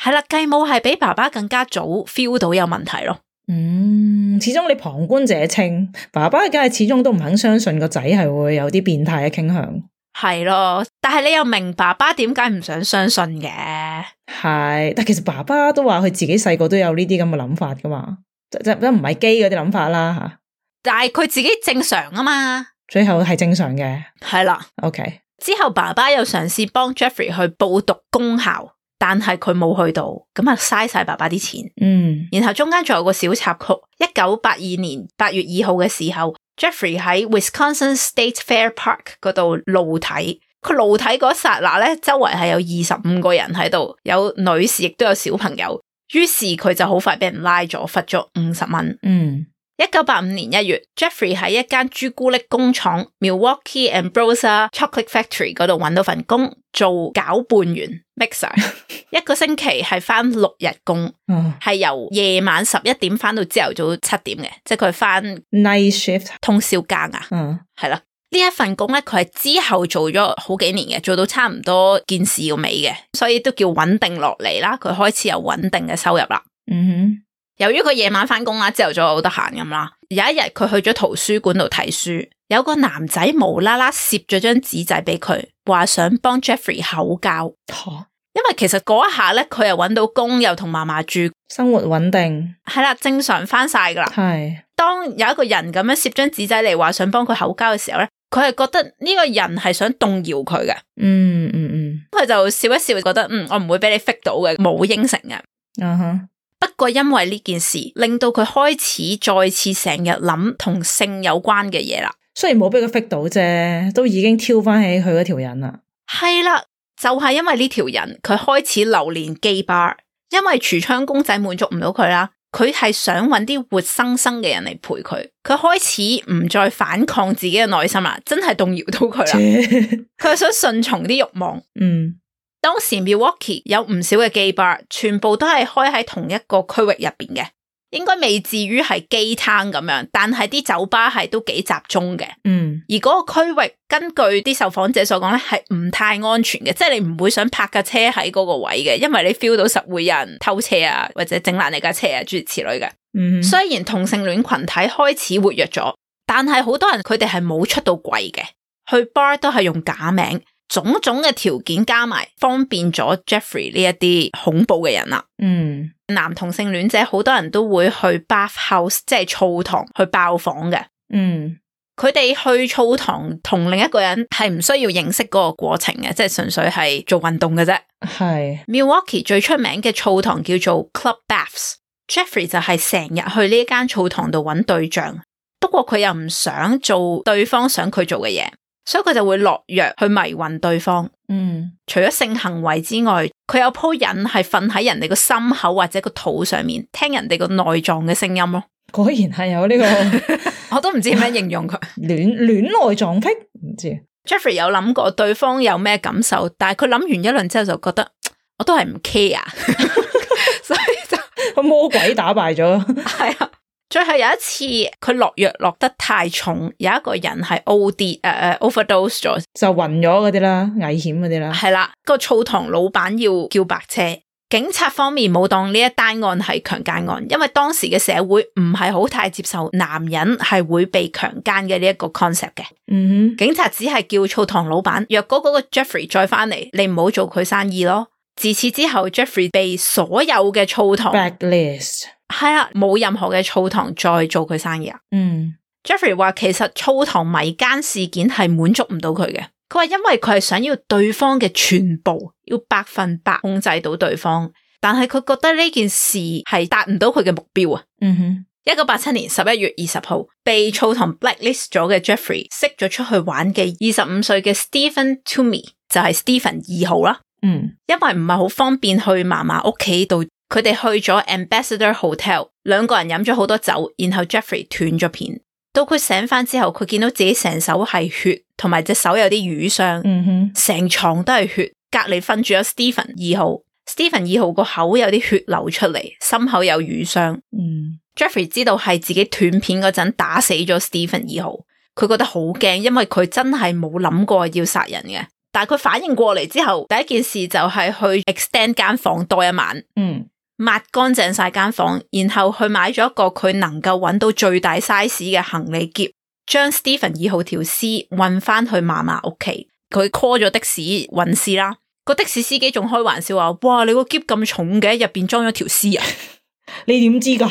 係啦， [laughs] 繼母係比爸爸更加早 feel 到有問題咯。嗯，始終你旁觀者清，爸爸梗係始終都唔肯相信個仔係會有啲變態嘅傾向。係咯， [laughs] 但係你又明白爸爸點解唔想相信嘅？係，但其實爸爸都話佢自己細個都有呢啲咁嘅諗法噶嘛。即唔係基嗰啲諗法啦吓，但係佢自己正常啊嘛，最後係正常嘅，係啦了，OK。之後爸爸又嘗試幫 Jeffrey 去報讀公校，但係佢冇去到，咁啊嘥晒爸爸啲錢。嗯，然後中間仲有個小插曲，一九八二年八月二號嘅時候 [music] ，Jeffrey 喺 Wisconsin State Fair Park 嗰度露體，佢露體嗰一刹那咧，周圍係有二十五個人喺度，有女士亦都有小朋友。於是佢就好快俾人拉咗，罰咗五十蚊。嗯、mm.，一九八五年一月，Jeffrey 喺一間朱古力工廠 Milwaukee Ambrosia Chocolate Factory 嗰度搵到份工，做攪拌員 mixer。 [laughs] 一個星期係翻六日工，係、oh. 由夜晚十一點翻到朝頭早七點嘅，即係佢翻 night shift 通宵更啊。嗯、oh.，係啦。呢一份工咧，佢係之後做咗好幾年嘅，做到差唔多件事要尾嘅，所以都叫穩定落嚟啦。佢開始有穩定嘅收入啦。嗯哼，由於佢夜晚翻工啦，朝頭早好得閒咁啦。有一日佢去咗圖書館度睇書，有個男仔無啦啦攝咗張紙仔俾佢，話想幫 Jeffrey 口交。呵因為其實嗰一下咧，佢又搵到工，又同嫲嫲住，生活穩定。係啦，正常翻晒噶啦。係的。當有一個人咁樣攝張紙仔嚟話想幫佢口交嘅時候咧。佢係覺得呢個人係想動搖佢嘅，嗯嗯嗯，佢、嗯、就笑一笑，覺得嗯我唔會俾你 fit 到嘅，冇應承嘅。嗯哼，不, uh huh. 不過因為呢件事，令到佢開始再次成日諗同性有關嘅嘢啦。雖然冇俾佢 fit 到啫，都已經挑翻起佢嗰條人啦。係啦，就係、是、因為呢條人，佢開始流連基吧，因為櫥窗公仔滿足唔到佢啦。佢係想揾啲活生生嘅人嚟陪佢，佢開始唔再反抗自己嘅內心啦，真係動搖到佢啦。佢 [laughs] 想順從啲慾望。嗯，當時 Milwaukee 有唔少嘅基吧，全部都係開喺同一個區域入邊嘅。應該未至於係雞攤咁樣，但係啲酒吧係都幾集中嘅。嗯，而嗰個區域根據啲受訪者所講咧，係唔太安全嘅，即係你唔會想泊架車喺嗰個位嘅，因為你 feel 到實會有人偷車啊，或者整爛你架車啊，諸如此類嘅。嗯，雖然同性戀群體開始活躍咗，但係好多人佢哋係冇出到櫃嘅，去 bar 都係用假名。種種嘅條件加埋，方便咗 Jeffrey 呢一啲恐怖嘅人啦。嗯，男同性戀者好多人都會去 bath house，即係澡堂去爆房嘅。嗯，佢哋去澡堂同另一個人係唔需要認識嗰個過程嘅，即係純粹係做運動嘅啫。係是。Milwaukee 最出名嘅澡堂叫做 Club Baths，Jeffrey [noise] 就係成日去呢一間澡堂度揾對象，不過佢又唔想做對方想佢做嘅嘢。所以佢就會落藥去迷暈對方。嗯，除咗性行為之外，佢有鋪癮係瞓喺人哋個心口或者個肚上面，聽人哋個內臟嘅聲音咯。果然係有呢個， [laughs] [laughs] 我都唔知點樣形容佢。戀戀內臟癖，唔知。 [laughs] Jeffrey 有諗過對方有咩感受，但係佢諗完一輪之後就覺得，我都係唔 care，所以就個魔鬼打敗咗。係啊。最後有一次佢落藥落得太重，有一個人係、uh, over 跌誒誒 overdose 咗，就暈咗嗰啲啦，危險嗰啲啦。係啦，個澡堂老闆要叫白車。警察方面冇當呢一單案係強奸案，因為當時嘅社會唔係好太接受男人係會被強奸嘅呢一個 concept 嘅。嗯、mm，hmm. 警察只係叫澡堂老闆，若果嗰個 Jeffrey 再翻嚟，你唔好做佢生意咯。自此之後，Jeffrey 被所有嘅澡堂係啊，冇任何嘅澡堂再做佢生意啊。嗯、mm hmm，Jeffrey 話其實澡堂迷奸事件係滿足唔到佢嘅。佢話因為佢係想要對方嘅全部，要百分百控制到對方。但係佢覺得呢件事係達唔到佢嘅目標啊。嗯、mm，一九八七年十一月二十號被澡堂 blacklist 咗嘅 Jeffrey，識咗出去玩嘅二十五歲嘅 Steven Tuomi，um，就係 Steven 二號啦。嗯、mm，hmm. 因為唔係好方便去嫲嫲屋企度。佢哋去咗 Ambassador Hotel，兩個人飲咗好多酒，然後 Jeffrey 斷咗片。到佢醒翻之後，佢見到自己成手係血，同埋隻手有啲瘀傷。嗯哼，成床都係血。隔籬瞓住咗 Steven 二號，Steven 二號個口有啲血流出嚟，心口有瘀傷。嗯，Jeffrey 知道係自己斷片嗰陣打死咗 Steven 二號，佢覺得好驚，因為佢真係冇諗過要殺人嘅。但係佢反應過嚟之後，第一件事就係去 extend 間房多一晚。嗯。抹乾淨晒間房，然後去買咗一個佢能夠揾到最大 size 嘅行李篋，將 Steven 二號條屍運翻去嫲嫲屋企。佢 call 咗的士運屍啦，個的士司機仲開玩笑話：哇，你個篋咁重嘅，入邊裝咗條屍啊！ [laughs] 你點知噶？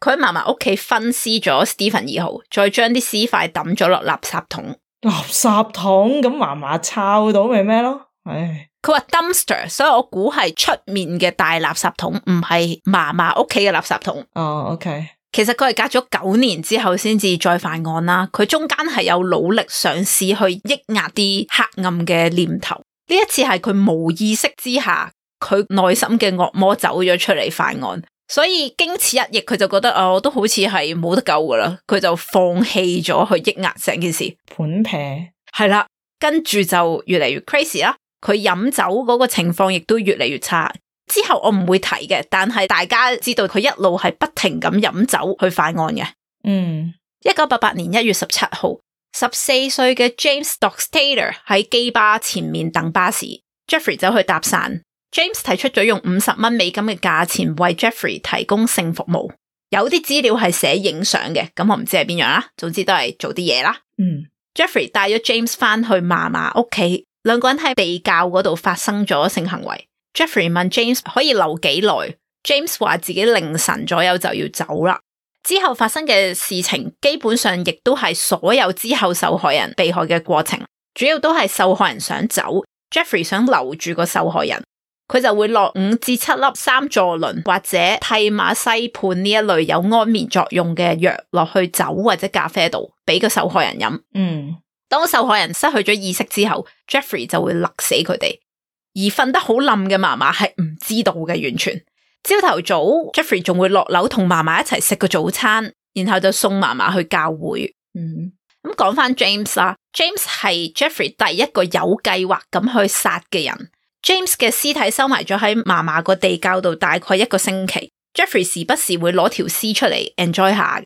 佢喺嫲嫲屋企分屍咗 Steven 二號，再將啲屍塊抌咗落垃圾桶。垃圾桶咁嫲嫲抄到咪咩咯？唉。佢話 dumpster，所以我估係出面嘅大垃圾桶，唔係嫲嫲屋企嘅垃圾桶。哦、oh，OK。其實佢係隔咗九年之後先至再犯案啦。佢中間係有努力嘗試，試去抑壓啲黑暗嘅念頭。呢一次係佢冇意識之下，佢內心嘅惡魔走咗出嚟犯案。所以經此一役，佢就覺得啊，我、哦、都好似係冇得救噶啦，佢就放棄咗去抑壓成件事。盤平係啦，跟住就越嚟越 crazy 啦。佢飲酒嗰個情況亦都越嚟越差。之後我唔會提嘅，但係大家知道佢一路係不停咁飲酒去犯案嘅。嗯，一九八八年一月十七號，十四歲嘅 James Doxtator 喺機巴前面等巴士，Jeffrey 走去搭訕。James 提出咗用五十蚊美金嘅價錢為 Jeffrey 提供性服務。有啲資料係寫影相嘅，咁我唔知係邊樣啦。總之都係做啲嘢啦。嗯，Jeffrey 帶咗 James 翻去嫲嫲屋企。兩個人喺地窖嗰度發生咗性行為。Jeffrey 問 James 可以留幾耐？James 話自己凌晨左右就要走啦。之後發生嘅事情，基本上亦都係所有之後受害人被害嘅過程，主要都係受害人想走，Jeffrey 想留住個受害人，佢就會落五至七粒三唑崙或者替馬西泮呢一類有安眠作用嘅藥落去酒或者咖啡度，俾個受害人飲。嗯。當受害人失去咗意識之後，Jeffrey 就會勒死佢哋，而瞓得好冧嘅嫲嫲係唔知道嘅，完全。朝頭早，Jeffrey 仲會落樓同嫲嫲一齊食個早餐，然後就送嫲嫲去教會。嗯，咁講翻 James 啦，James 係 Jeffrey 第一個有計劃咁去殺嘅人。James 嘅屍體收埋咗喺嫲嫲個地窖度，大概一個星期。Jeffrey 時不時會攞條屍出嚟 enjoy 下。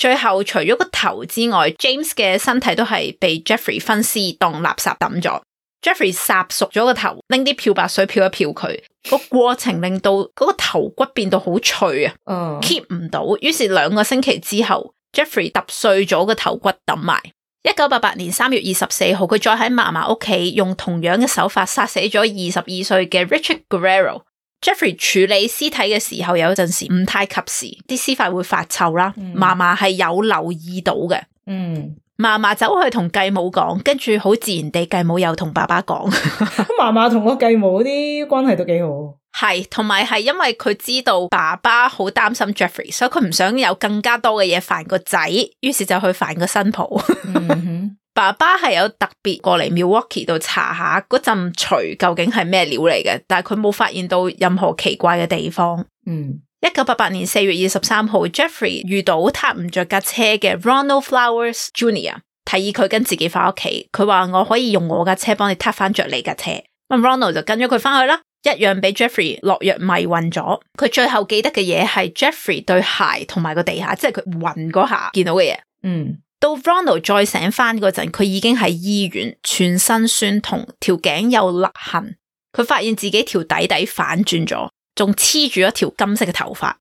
最後除咗個頭之外，James 嘅身體都係被 Jeffrey 分屍當垃圾抌咗。Jeffrey 殺熟咗個頭，拎啲漂白水漂一漂佢，個過程令到嗰個頭骨變到好脆啊，keep 唔到。於、oh. 是兩個星期之後，Jeffrey 揼碎咗個頭骨抌埋。一九八八年三月二十四號，佢再喺嫲嫲屋企用同樣嘅手法殺死咗二十二歲嘅 Richard Guerrero。Jeffrey 處理屍體嘅時候，有陣時唔太及時，啲屍塊會發臭啦。嫲嫲係有留意到嘅，嫲嫲、嗯、走去同繼母講，跟住好自然地，繼母又同爸爸講。嫲嫲同個繼母啲關係都幾好，係同埋係因為佢知道爸爸好擔心 Jeffrey，所以佢唔想有更加多嘅嘢煩個仔，於是就去煩個新抱。 [laughs] 嗯爸爸係有特別過嚟 Milwaukee 度查下嗰陣除究竟係咩料嚟嘅，但係佢冇發現到任何奇怪嘅地方。嗯，一九八八年四月二十三號，Jeffrey 遇到撻唔着架車嘅 Ronald Flowers Jr.，u n i o 提議佢跟自己翻屋企。佢話：我可以用我架車幫你撻翻着你架車。咁、嗯、 [noise] [noise] Ronald 就跟咗佢翻去啦，一樣俾 Jeffrey 落藥迷暈咗。佢最後記得嘅嘢係 Jeffrey 對鞋同埋個地下，即係佢暈嗰下見到嘅嘢。嗯。到 Ronald 再醒翻嗰陣，佢已經喺醫院全身酸痛，條頸有勒痕。佢發現自己條底底反轉咗，仲黐住一條金色嘅頭髮。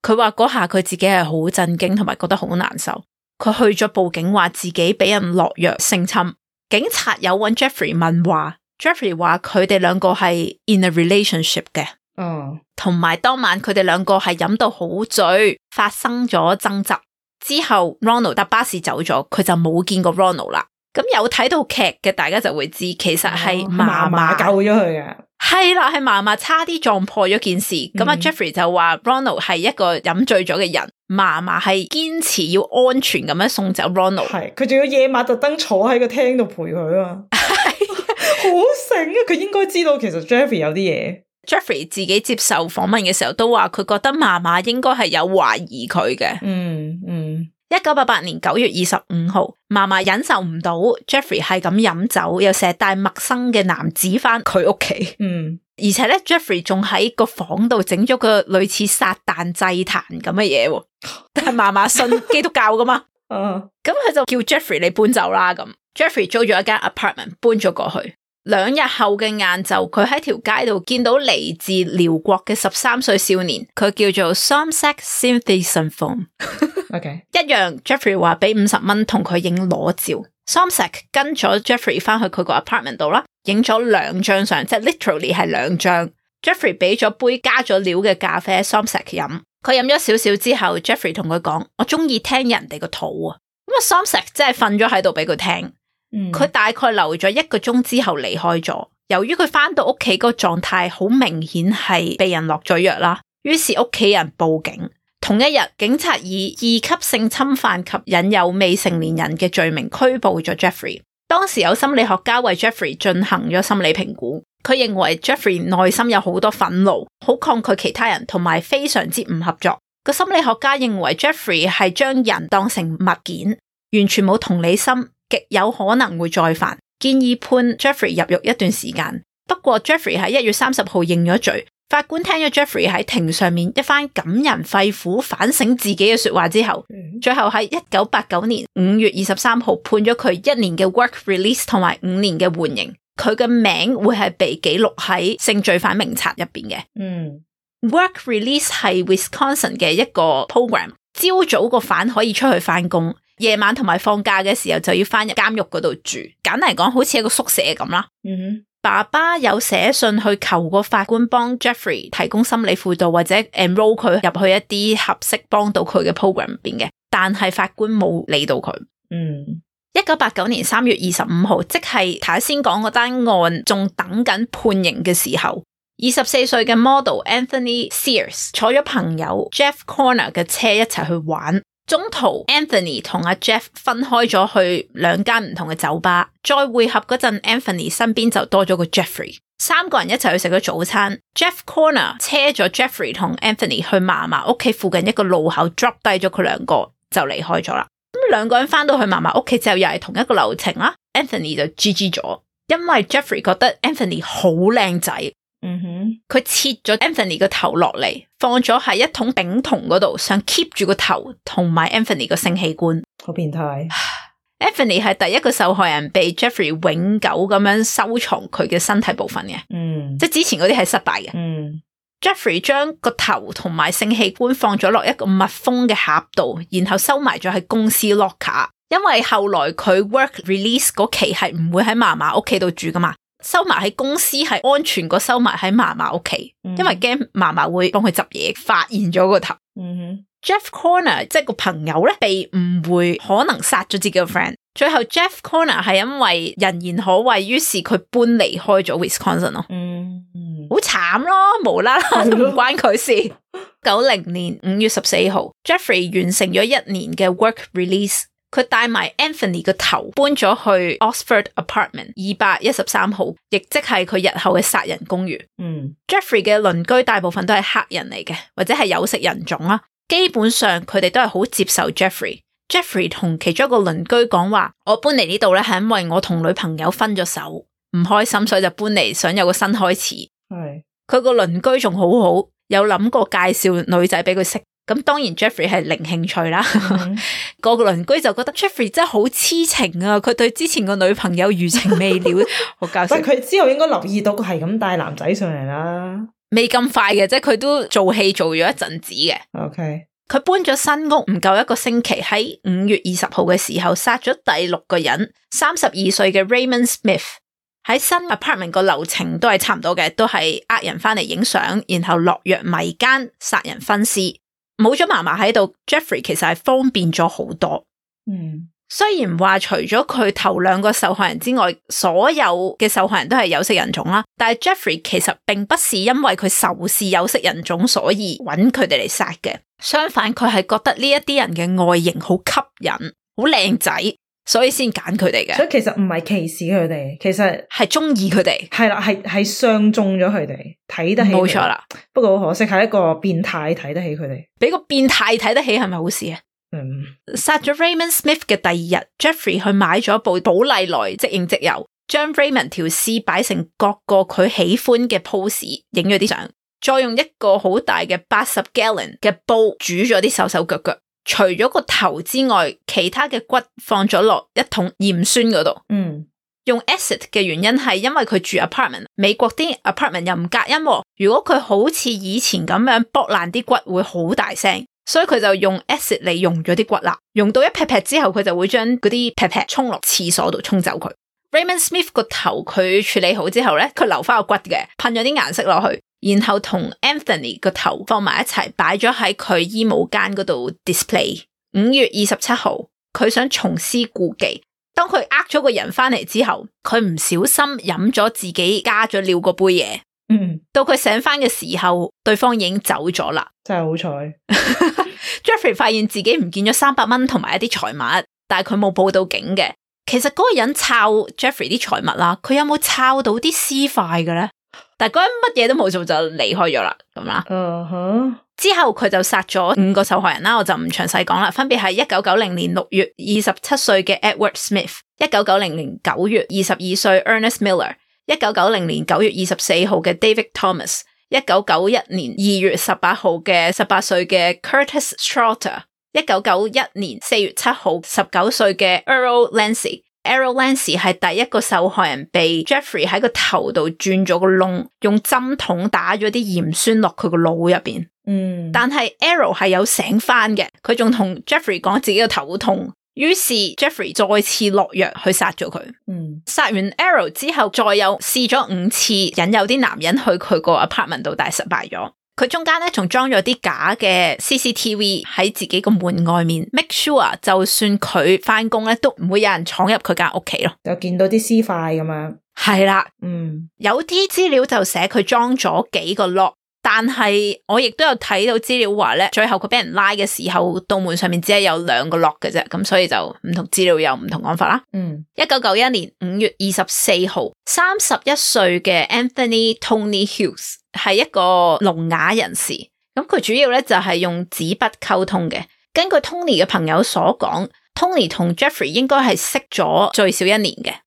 佢話嗰下佢自己係好震驚，同埋覺得好難受。佢去咗報警，話自己俾人落藥性侵。警察有揾 Jeffrey 問話，Jeffrey 話佢哋兩個係 in a relationship 嘅，嗯、哦，同埋當晚佢哋兩個係飲到好醉，發生咗爭執。之後 Ronald 搭巴士走咗，佢就冇見過 Ronald 啦。咁、嗯、有睇到劇嘅，大家就會知其實係嫲嫲救咗佢嘅，係啦，係嫲嫲差啲撞破咗件事。咁啊、嗯，Jeffrey 就話 Ronald 係一個飲醉咗嘅人，嫲嫲係堅持要安全咁樣送走 Ronald，係佢仲要夜晚特登坐喺個廳度陪佢啊， [laughs] [laughs] [laughs] 好醒啊！佢應該知道其實 Jeffrey 有啲嘢，Jeffrey 自己接受訪問嘅時候都話佢覺得嫲嫲應該係有懷疑佢嘅、嗯，嗯嗯。一九八八年九月二十五號，嫲嫲忍受唔到 Jeffrey 係咁飲酒，又成日帶陌生嘅男子翻佢屋企。嗯，而且咧 Jeffrey 仲喺個房度整咗個類似撒旦祭壇咁嘅嘢。但係嫲嫲信基督教噶嘛？嗯，咁佢就叫 Jeffrey 你搬走啦。咁 Jeffrey 租咗一間 apartment 搬咗過去。兩日後嘅晏晝，佢喺條街度見到嚟自寮國嘅十三歲少年，佢叫做 Somsack Sinthasomphone。一樣，Jeffrey 話俾五十蚊同佢影裸照。Somsack 跟咗 Jeffrey 翻去佢個 apartment 度啦，影咗兩張相，即係 literally 係兩張。Jeffrey 俾咗杯加咗料嘅咖啡，Somsack 飲。佢飲咗少少之後 [laughs] ，Jeffrey 同佢講：我中意聽人哋個肚啊！咁啊 Somsack 真係瞓咗喺度俾佢聽。佢大概留咗一個鐘之後離開咗，由於佢翻到屋企個狀態好明顯係被人落咗藥啦，於是屋企人報警。同一日，警察以二級性侵犯及引誘未成年人嘅罪名拘捕咗 Jeffrey。當時有心理學家為 Jeffrey 進行咗心理評估，佢認為 Jeffrey 內心有好多憤怒，好抗拒其他人，同埋非常之唔合作。個心理學家認為 Jeffrey 係將人當成物件，完全冇同理心。極有可能會再犯，建議判 Jeffrey 入獄一段時間。不過 Jeffrey 喺一月三十號認咗罪，法官聽咗 Jeffrey 喺庭上面一番感人肺腑反省自己嘅說話之後，最後喺一九八九年五月二十三號判咗佢一年嘅 Work Release 同埋五年嘅緩刑。佢嘅名會係被記錄喺性罪犯名冊入邊嘅。嗯、mm.，Work Release 係 Wisconsin 嘅一個 program，朝早個犯可以出去翻工。夜晚同埋放假嘅時候就要翻入監獄嗰度住，簡單嚟講，好似一個宿舍咁啦。嗯、mm，hmm. 爸爸有寫信去求過法官幫 Jeffrey 提供心理輔導或者 enroll 佢入去一啲合適幫到佢嘅 program 入邊嘅，但係法官冇理到佢。嗯、mm，一九八九年三月二十五號，即係頭先講嗰單案仲等緊判刑嘅時候，二十四歲嘅 model Anthony Sears 坐咗朋友 Jeff Corner 嘅車一齊去玩。中途 Anthony 同阿 Jeff 分開咗去兩間唔同嘅酒吧，再會合嗰陣，Anthony 身邊就多咗個 Jeffrey，三個人一齊去食咗早餐。Jeff Corner 車咗 Jeffrey 同 Anthony 去嫲嫲屋企附近一個路口 drop 低咗佢兩個就離開咗啦。咁兩個人翻到去嫲嫲屋企之後又係同一個流程啦。Anthony 就 GG 咗，因為 Jeffrey 覺得 Anthony 好靚仔。嗯哼，佢切咗 Anthony 個頭落嚟，放咗喺一桶丙酮嗰度，想 keep 住個頭同埋 Anthony 個性器官，好變態。 [laughs] Anthony 係第一個受害人，被 Jeffrey 永久咁樣收藏佢嘅身體部分嘅。嗯，即係之前嗰啲係失敗嘅。嗯，Jeffrey 將個頭同埋性器官放咗落一個密封嘅盒度，然後收埋咗喺公司 locker，因為後來佢 work release 嗰期係唔會喺嫲嫲屋企度住噶嘛。收埋喺公司係安全過收埋喺嫲嫲屋企，mm hmm. 因為驚嫲嫲會幫佢執嘢發現咗個頭。Mm hmm. Jeff Corner 即係個朋友咧被誤會可能殺咗自己個 friend，最後 Jeff Corner 係因為人言可畏，於是佢搬離開咗 Wisconsin 咯。嗯、mm，好、hmm. 慘咯，無啦啦就唔關佢事。九零 [laughs] 年五月十四號，Jeffrey 完成咗一年嘅 work release。佢帶埋 Anthony 個頭搬咗去 Oxford Apartment 二百一十三號，亦即係佢日後嘅殺人公寓。嗯 [noise] ，Jeffrey 嘅鄰居大部分都係黑人嚟嘅，或者係有色人種啦、啊。基本上佢哋都係好接受 Jeffrey。Jeffrey 同其中一個鄰居講話：我搬嚟呢度咧係因為我同女朋友分咗手，唔開心，所以就搬嚟想有個新開始。係佢個鄰居仲好好，有諗過介紹女仔俾佢識。咁當然 Jeffrey 係零興趣啦，mm hmm. [laughs] 個鄰居就覺得 Jeffrey 真係好痴情啊！佢對之前個女朋友餘情未了，好 [laughs] 搞笑。但佢之後應該留意到佢係咁帶男仔上嚟啦，未咁快嘅，啫，佢都做戲做咗一陣子嘅。OK，佢搬咗新屋唔夠一個星期，喺五月二十號嘅時候殺咗第六個人，三十二歲嘅 Raymond Smith 喺新 apartment 個流程都係差唔多嘅，都係呃人翻嚟影相，然後落藥迷奸，殺人分屍。冇咗嫲嫲喺度，Jeffrey 其實係方便咗好多。嗯，雖然話除咗佢頭兩個受害人之外，所有嘅受害人都係有色人種啦，但係 Jeffrey 其實並不是因為佢仇視有色人種，所以揾佢哋嚟殺嘅。相反，佢係覺得呢一啲人嘅外形好吸引，好靚仔。所以先揀佢哋嘅，所以其實唔係歧視佢哋，其實係中意佢哋，係啦，係係相中咗佢哋，睇得起佢哋，冇錯啦。不過好可惜係一個變態睇得起佢哋，俾個變態睇得起係咪好事啊？嗯，殺咗 Raymond Smith 嘅第二日，Jeffrey 去買咗部寶麗來即影即有，將 Raymond 條屍擺成各個佢喜歡嘅 pose，影咗啲相，再用一個好大嘅八十 gallon 嘅煲煮咗啲手手腳腳。除咗個頭之外，其他嘅骨放咗落一桶鹽酸嗰度。嗯，用 acid 嘅原因係因為佢住 apartment，美國啲 apartment 又唔隔音喎。如果佢好似以前咁樣剝爛啲骨，會好大聲，所以佢就用 acid 嚟溶咗啲骨啦。溶到一劈劈之後，佢就會將嗰啲劈劈沖落廁所度沖走佢。Raymond Smith 個頭佢處理好之後咧，佢留返個骨嘅，噴咗啲顏色落去。然後同 Anthony 個頭放埋一齊，擺咗喺佢衣帽間嗰度 display。五月二十七號，佢想重施故技，當佢呃咗個人翻嚟之後，佢唔小心飲咗自己加咗料個杯嘢。嗯，到佢醒翻嘅時候，對方已經走咗啦。真係好彩。 [laughs] [laughs] Jeffrey 發現自己唔見咗三百蚊同埋一啲財物，但係佢冇報到警嘅。其實嗰個人抄 Jeffrey 啲財物啦，佢有冇抄到啲屍塊嘅咧？嗱，嗰乜嘢都冇做就離開咗啦，咁啦。Uh huh. 之後佢就殺咗五個受害人啦，我就唔詳細講啦。分別係一九九零年六月二十七歲嘅 Edward Smith，一九九零年九月二十二歲 Ernest Miller，一九九零年九月二十四號嘅 David Thomas，一九九一年二月十八號嘅十八歲嘅 Curtis Straughter，一九九一年四月七號十九歲嘅 Errol Lindsey Errol、er、Lindsey 係第一個受害人，被 Jeffrey 喺個頭度轉咗個窿，用針筒打咗啲鹽酸落佢個腦入邊。嗯，但係 Errol 係有醒翻嘅，佢仲同 Jeffrey 講自己個頭痛，於是 Jeffrey 再次落藥去殺咗佢。嗯，殺完 Errol 之後，再有試咗五次引誘啲男人去佢個 apartment 度，但係失敗咗。佢中間呢，仲裝咗啲假嘅 CCTV 喺自己個門外面，make sure 就算佢翻工呢，都唔會有人闖入佢間屋企咯。就見到啲屍塊咁樣，係啦，的嗯、有啲資料就寫佢裝咗幾個 lock。但係我亦都有睇到資料話咧，最後佢俾人拉嘅時候，道門上面只係有兩個 lock 嘅啫，咁所以就唔同資料有唔同講法啦。嗯，一九九一年五月二十四號，三十一歲嘅 Anthony Tony Hughes 係一個聾啞人士，咁佢主要咧就係用紙筆溝通嘅。根據 Tony 嘅朋友所講，Tony 同 Jeffrey 應該係識咗最少一年嘅。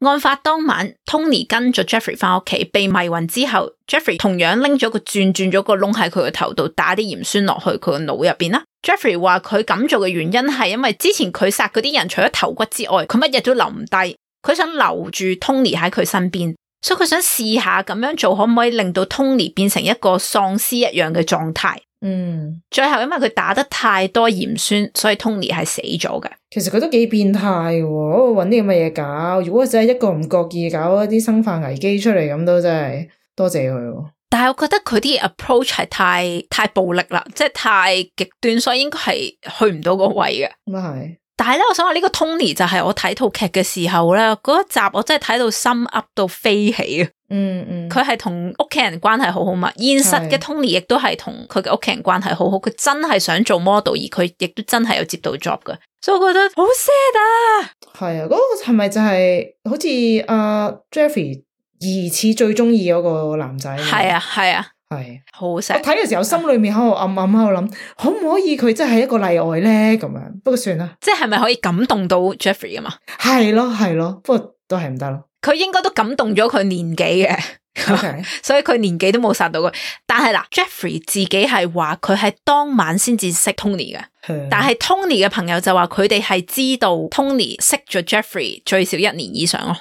案發當晚，Tony 跟住 Jeffrey 返屋企，被迷暈之後，Jeffrey 同樣拎咗個鑽，鑽咗個窿喺佢個頭度，打啲鹽酸落去佢個腦入邊啦。Jeffrey 話佢咁做嘅原因係因為之前佢殺嗰啲人，除咗頭骨之外，佢乜嘢都留唔低，佢想留住 Tony 喺佢身邊，所以佢想試下咁樣做可唔可以令到 Tony 變成一個喪屍一樣嘅狀態。嗯，最後因為佢打得太多鹽酸，所以 Tony 係死咗嘅。其實佢都幾變態嘅，哦，搵啲咁嘅嘢搞。如果真係一個唔覺意搞一啲生化危機出嚟，咁都真係多謝佢，哦。但係我覺得佢啲 approach 係太太暴力啦，即係太極端，所以應該係去唔到個位嘅。咁啊係。但係咧，我想話呢個 Tony 就係我睇套劇嘅時候咧，嗰一集我真係睇到心 up 到飛起啊！嗯嗯，佢係同屋企人關係好好嘛？現實嘅 Tony 亦都係同佢嘅屋企人關係好好，佢真係想做 model，而佢亦都真係有接到 job 噶，所以我覺得好 sad。啊。係啊，嗰個係咪就係好似阿 Jeffrey 疑似最中意嗰個男仔？係啊，係啊，係好 sad。我睇嘅時候心裏面喺度暗暗喺度諗，可唔可以佢真係一個例外咧？咁樣，不過算啦，即係咪可以感動到 Jeffrey 啊嘛？係咯，係咯，不過都係唔得咯。佢應該都感動咗佢年紀嘅，Okay. [laughs] 所以佢年紀都冇殺到佢。但係嗱，Jeffrey 自己係話佢係當晚先至識 Tony 嘅，hmm. 但係 Tony 嘅朋友就話佢哋係知道 Tony 識咗 Jeffrey 最少一年以上咯。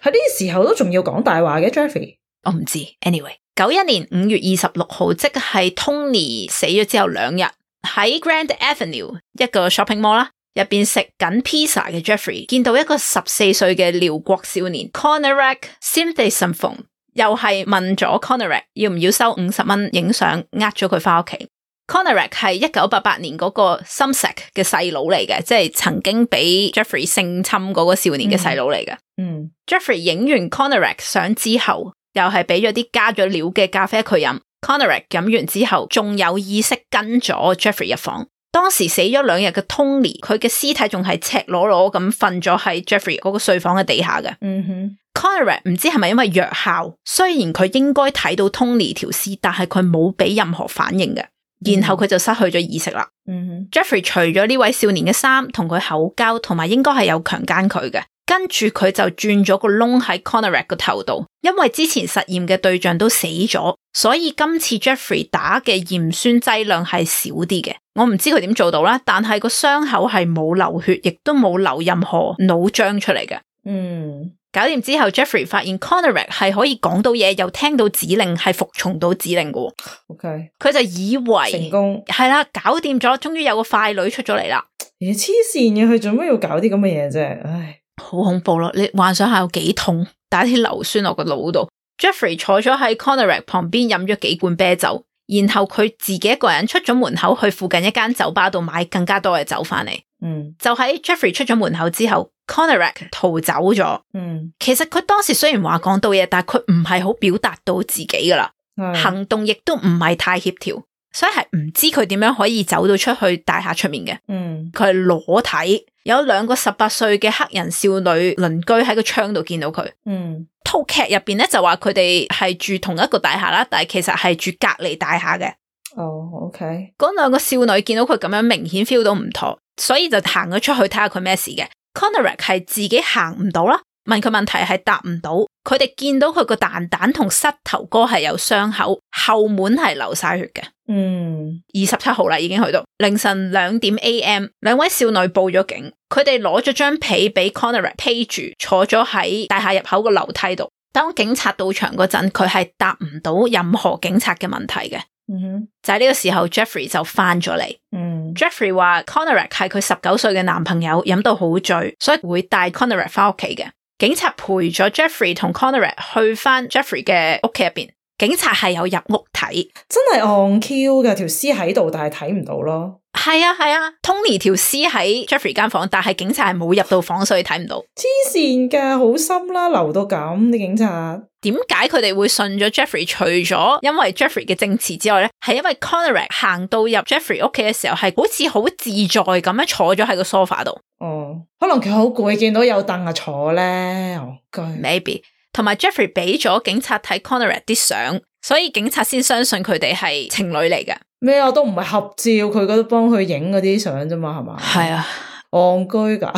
喺呢個時候都仲要講大話嘅 Jeffrey，我唔知。Anyway，九一年五月二十六號，即係 Tony 死咗之後兩日，喺 Grand Avenue 一個 shopping mall 啦。入邊食緊 pizza 嘅 Jeffrey 見到一個十四歲嘅寮國少年 Konerak Sinthasomphone，又係問咗 Konerak 要唔要收五十蚊影相，呃咗佢翻屋企。Konerak 係一九八八年嗰個 Sinthasomphone 嘅細佬嚟嘅，即係曾經俾 Jeffrey 性侵嗰個少年嘅細佬嚟嘅。嗯，Jeffrey 影完 Konerak 相之後，又係俾咗啲加咗料嘅咖啡佢飲。Konerak 飲完之後，仲有意識跟咗 Jeffrey 入房。當時死咗兩日嘅 Tony，佢嘅屍體仲係赤裸裸咁瞓咗喺 Jeffrey 嗰個睡房嘅地下嘅。Mm hmm. Konerak 唔知係咪因為藥效，雖然佢應該睇到 Tony 條屍，但係佢冇俾任何反應嘅，然後佢就失去咗意識啦。Mm hmm. Jeffrey 除咗呢位少年嘅衫，同佢口交，同埋應該係有強姦佢嘅。跟住佢就轉咗個窿喺 Konerak 個頭度，因為之前實驗嘅對象都死咗，所以今次 Jeffrey 打嘅鹽酸劑量係少啲嘅。我唔知佢點做到啦，但係個傷口係冇流血，亦都冇流任何腦漿出嚟嘅。嗯，搞掂之後，Jeffrey 發現 Konerak 係可以講到嘢，又聽到指令，係服從到指令嘅。OK，佢就以為成功係啦，搞掂咗，終於有個快女出咗嚟啦。咦、欸？黐線嘅，佢做咩要搞啲咁嘅嘢啫？唉！好恐怖咯！你幻想下有幾痛，打啲硫酸落個腦度。Jeffrey 坐咗喺 Konerak 旁邊飲咗幾罐啤酒，然後佢自己一個人出咗門口去附近一間酒吧度買更加多嘅酒翻嚟。嗯，就喺 Jeffrey 出咗門口之後，Konerak 逃走咗。嗯，其實佢當時雖然話講到嘢，但係佢唔係好表達到自己噶啦，嗯、行動亦都唔係太協調，所以係唔知佢點樣可以走到出去大廈出面嘅。嗯，佢係裸體。有兩個十八歲嘅黑人少女鄰居喺個窗度見到佢。嗯，套劇入邊咧就話佢哋係住同一個大廈啦，但係其實係住隔籬大廈嘅。哦、oh，OK，嗰兩個少女見到佢咁樣，明顯 feel 到唔妥，所以就行咗出去睇下佢咩事嘅。Konerak 係自己行唔到啦，問佢問題係答唔到，佢哋見到佢個蛋蛋同膝頭哥係有傷口，後門係流晒血嘅。嗯，二十七號啦，已經去到凌晨兩點 am，兩位少女報咗警，佢哋攞咗張被俾 Konerak 披住，坐咗喺大廈入口個樓梯度。當警察到場嗰陣，佢係答唔到任何警察嘅問題嘅。嗯、mm，哼、hmm.，就喺呢個時候 Jeff 就、mm hmm.，Jeffrey 就翻咗嚟。嗯，Jeffrey 話 Konerak 係佢十九歲嘅男朋友，飲到好醉，所以會帶 Konerak 翻屋企嘅。警察陪咗 Jeffrey 同 Konerak 去翻 Jeffrey 嘅屋企入邊。警察係有入屋睇，真係 on cue 嘅，條屍喺度，但係睇唔到咯。係啊係啊，Tony 條屍喺 Jeffrey 間房，但係警察係冇入到房，所以睇唔到。黐線噶，好深啦，啊，留到咁啲警察。點解佢哋會信咗 Jeffrey？除咗因為 Jeffrey 嘅證詞之外咧，係因為 Konerak 行到入 Jeffrey 屋企嘅時候，係好似好自在咁樣坐咗喺個 sofa 度。哦，可能佢好攰，見到有凳啊坐咧。Oh, okay. Maybe。同埋 Jeffrey 俾咗警察睇 Konerak 啲相，所以警察先相信佢哋係情侶嚟嘅。咩啊？都唔係合照，佢都度幫佢影嗰啲相啫嘛，係嘛？係啊，戇居噶，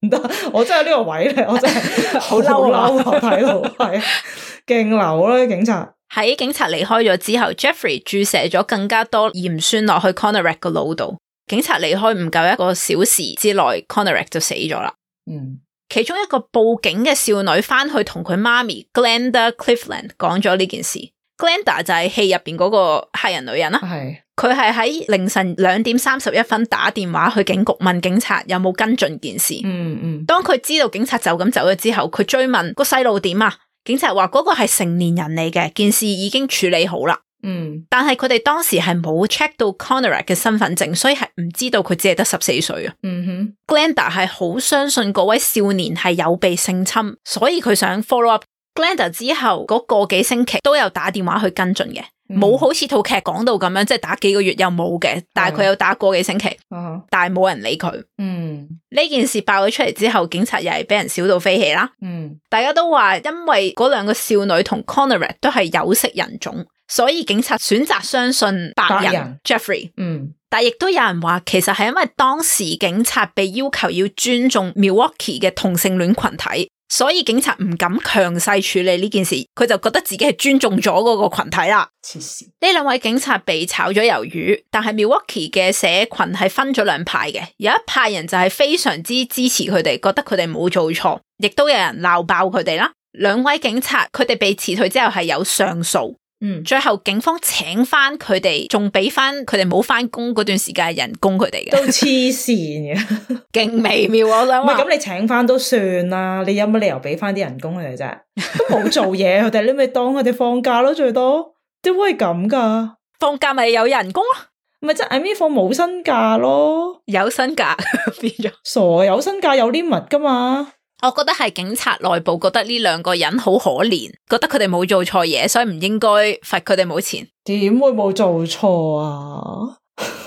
唔 [laughs] 得！我真係呢個位咧，我真係好嬲 [laughs] 氣啊！睇 [laughs] 到係勁、啊、流啦、啊，警察喺警察離開咗之後，Jeffrey 注射咗更加多鹽酸落去 Konerak 個腦度。警察離開唔夠一個小時之內 [laughs] ，Konerak 就死咗啦。嗯。其中一個報警嘅少女翻去同佢媽咪 Glenda Cleveland 講咗呢件事，Glenda 就係戲入邊嗰個黑人女人啦、啊。係佢係喺凌晨兩點三十一分打電話去警局問警察有冇跟進件事。嗯嗯，嗯當佢知道警察就咁走咗之後，佢追問個細路點啊？警察話嗰個係成年人嚟嘅，件事已經處理好啦。嗯，但係佢哋當時係冇 check 到 Konerak 嘅身份證，所以係唔知道佢只係得十四歲啊。嗯哼，Glenda 係好相信嗰位少年係有被性侵，所以佢想 follow up Glenda 之後嗰、那個幾星期都有打電話去跟進嘅，冇、嗯、好似套劇講到咁樣，即係打幾個月又冇嘅，但係佢有打個幾星期，的但係冇人理佢。嗯，呢件事爆咗出嚟之後，警察又係俾人笑到飛起啦。嗯，大家都話因為嗰兩個少女同 Konerak 都係有色人種。所以警察選擇相信白人，白人 Jeffrey，嗯，但亦都有人話，其實係因為當時警察被要求要尊重 Milwaukee 嘅同性戀群體，所以警察唔敢強勢處理呢件事，佢就覺得自己係尊重咗嗰個群體啦。黐線！呢兩位警察被炒咗魷魚，但係 Milwaukee 嘅社群係分咗兩派嘅，有一派人就係非常之支持佢哋，覺得佢哋冇做錯，亦都有人鬧爆佢哋啦。兩位警察佢哋被辭退之後係有上訴。嗯，最後警方請翻佢哋，仲俾翻佢哋冇翻工嗰段時間嘅人工佢哋嘅， [laughs] 都黐線嘅，勁 [laughs] 微妙啊！我諗，唔係咁，你請翻都算啦，你有乜理由俾翻啲人工佢哋啫？ [laughs] 都冇做嘢，佢哋你咪當佢哋放假咯，最多點會咁噶？放假咪有人工咯，咪即係 I mean 放冇薪假咯，有薪假變咗傻，有薪假有啲物噶嘛。我覺得係警察內部覺得呢兩個人好可憐，覺得佢哋冇做錯嘢，所以唔應該罰佢哋冇錢。點會冇做錯啊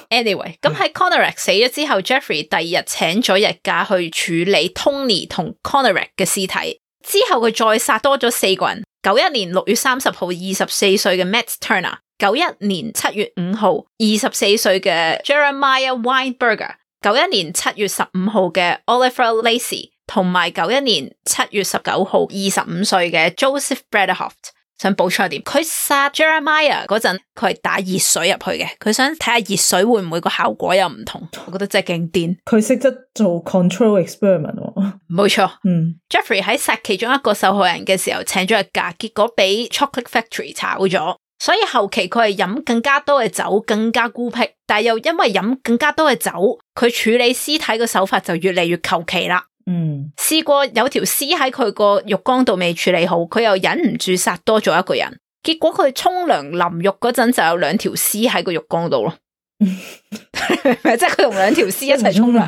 ？Anyway，咁喺 Konerak 死咗之後，Jeffrey 第二日請咗日假去處理 Tony 同 Konerak 嘅屍體。之後佢再殺多咗四個人。九一年六月三十號，二十四歲嘅 Matt Turner；九一年七月五號，二十四歲嘅 Jeremiah Weinberger；九一年七月十五號嘅 Oliver Lacy。同埋九一年七月十九號二十五歲嘅 Joseph Bradehoft，想補充一點，佢殺 Jeremiah 嗰陣，佢係打熱水入去嘅，佢想睇下熱水會唔會個效果又唔同。我覺得真係勁癲，佢識得做 control experiment。哦。冇錯，嗯，Jeffrey 喺殺其中一個受害人嘅時候，請咗日假，結果俾 Chocolate Factory 炒咗，所以後期佢係飲更加多嘅酒，更加孤僻，但係又因為飲更加多嘅酒，佢處理屍體嘅手法就越嚟越求其啦。嗯，試過有條屍喺佢個浴缸度未處理好，佢又忍唔住殺多咗一個人，結果佢沖涼淋浴嗰陣就有兩條屍喺個浴缸度咯， [laughs] [laughs] 即係佢同兩條屍一齊沖涼。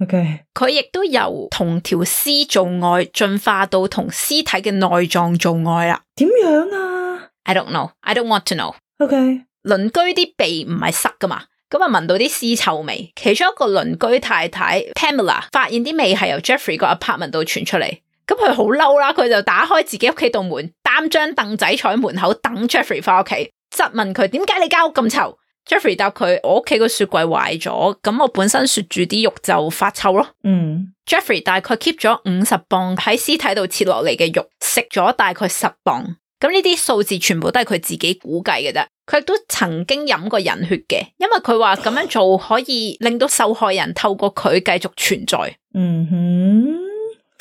O K，佢亦都由同條屍做愛進化到同屍體嘅內臟做愛啦。點樣啊？I don't know. I don't want to know. O K，鄰居啲鼻唔係塞噶嘛？咁啊，聞到啲屍臭味，其中一個鄰居太太 Pamela 發現啲味係由 Jeffrey 個 apartment 度傳出嚟，咁佢好嬲啦，佢就打開自己屋企度門，擔張凳仔坐喺門口等 Jeffrey 返屋企，質問佢點解你間屋咁臭 [music] ？Jeffrey 答佢：我屋企個雪櫃壞咗，咁我本身雪住啲肉就發臭咯。嗯 [music] ，Jeffrey 大概 keep 咗五十磅喺屍體度切落嚟嘅肉，食咗大概十磅。咁呢啲數字全部都係佢自己估計嘅啫，佢亦都曾經飲過人血嘅，因為佢話咁樣做可以令到受害人透過佢繼續存在。嗯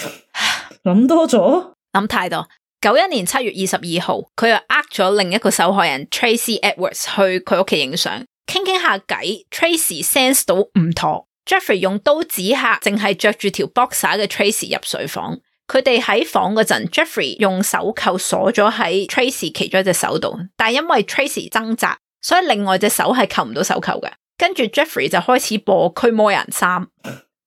哼，諗多咗，諗太多。九一年七月二十二號，佢又呃咗另一個受害人 Tracy Edwards 去佢屋企影相，傾傾下偈。Tracy sense 到唔妥，Jeffrey 用刀指下，淨係着住條 boxer 嘅 Tracy 入睡房。佢哋喺房嗰陣，Jeffrey 用手扣鎖咗喺 Tracy 其中一隻手度，但係因為 Tracy 掙扎，所以另外隻手係扣唔到手扣嘅。跟住 Jeffrey 就開始播驅魔人三，唔、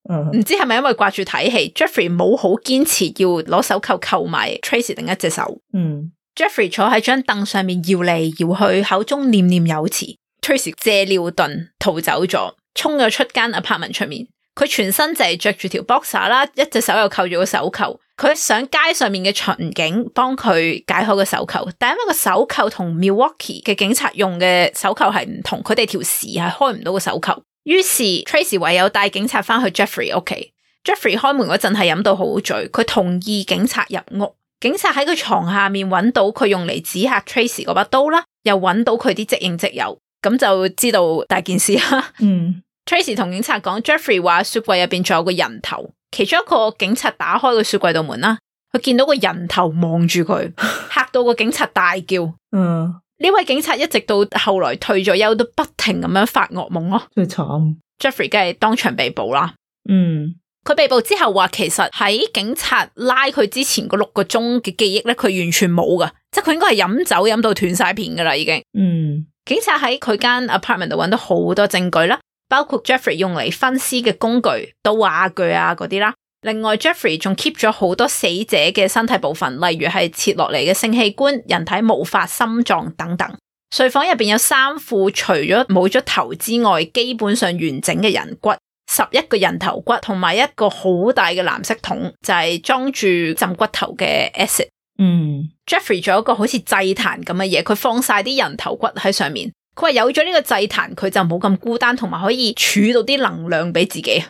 uh huh. 知係咪因為掛住睇戲，Jeffrey 冇好堅持要攞手扣扣埋 Tracy 另一隻手。嗯、uh huh.，Jeffrey 坐喺張凳上面搖嚟搖去，口中念念有詞。Tracy 借尿遁逃走咗，衝咗出間 apartment 出面，佢全身就係着住條 boxer 啦，一隻手又扣住個手扣。佢上街上面嘅巡警幫佢解開個手扣，但係因為個手扣同 Milwaukee 嘅警察用嘅手扣係唔同，佢哋條匙係開唔到個手扣。於是 Tracy 唯有帶警察翻去 Jeffrey 屋企。 [noise] Jeffrey 開門嗰陣係飲到好醉，佢同意警察入屋。警察喺佢床下面揾到佢用嚟指吓 Tracy 嗰把刀啦，又揾到佢啲即影即有，咁就知道大件事啦。嗯，Tracy 同警察講，Jeffrey 話雪櫃入邊仲有個人頭。其中一個警察打開個雪櫃度門啦，佢見到個人頭望住佢，嚇到個警察大叫。嗯，呢位警察一直到後來退咗休，都不停咁樣發噩夢咯。最慘，Jeffrey 梗係當場被捕啦。嗯，佢被捕之後話，其實喺警察拉佢之前個六個鐘嘅記憶咧，佢完全冇噶，即係佢應該係飲酒飲到斷晒片噶啦，已經了了。嗯，警察喺佢間 apartment 度揾到好多證據啦。包括 Jeffrey 用嚟分屍嘅工具，刀啊、鋸啊嗰啲啦。另外，Jeffrey 仲 keep 咗好多死者嘅身體部分，例如係切落嚟嘅性器官、人體毛髮、心臟等等。睡房入邊有三副除咗冇咗頭之外，基本上完整嘅人骨，十一個人頭骨，同埋一個好大嘅藍色桶，就係裝住浸骨頭嘅 acid。嗯，Jeffrey 仲有一個好似祭壇咁嘅嘢，佢放晒啲人頭骨喺上面。佢話有咗呢個祭壇，佢就冇咁孤單，同埋可以儲到啲能量俾自己，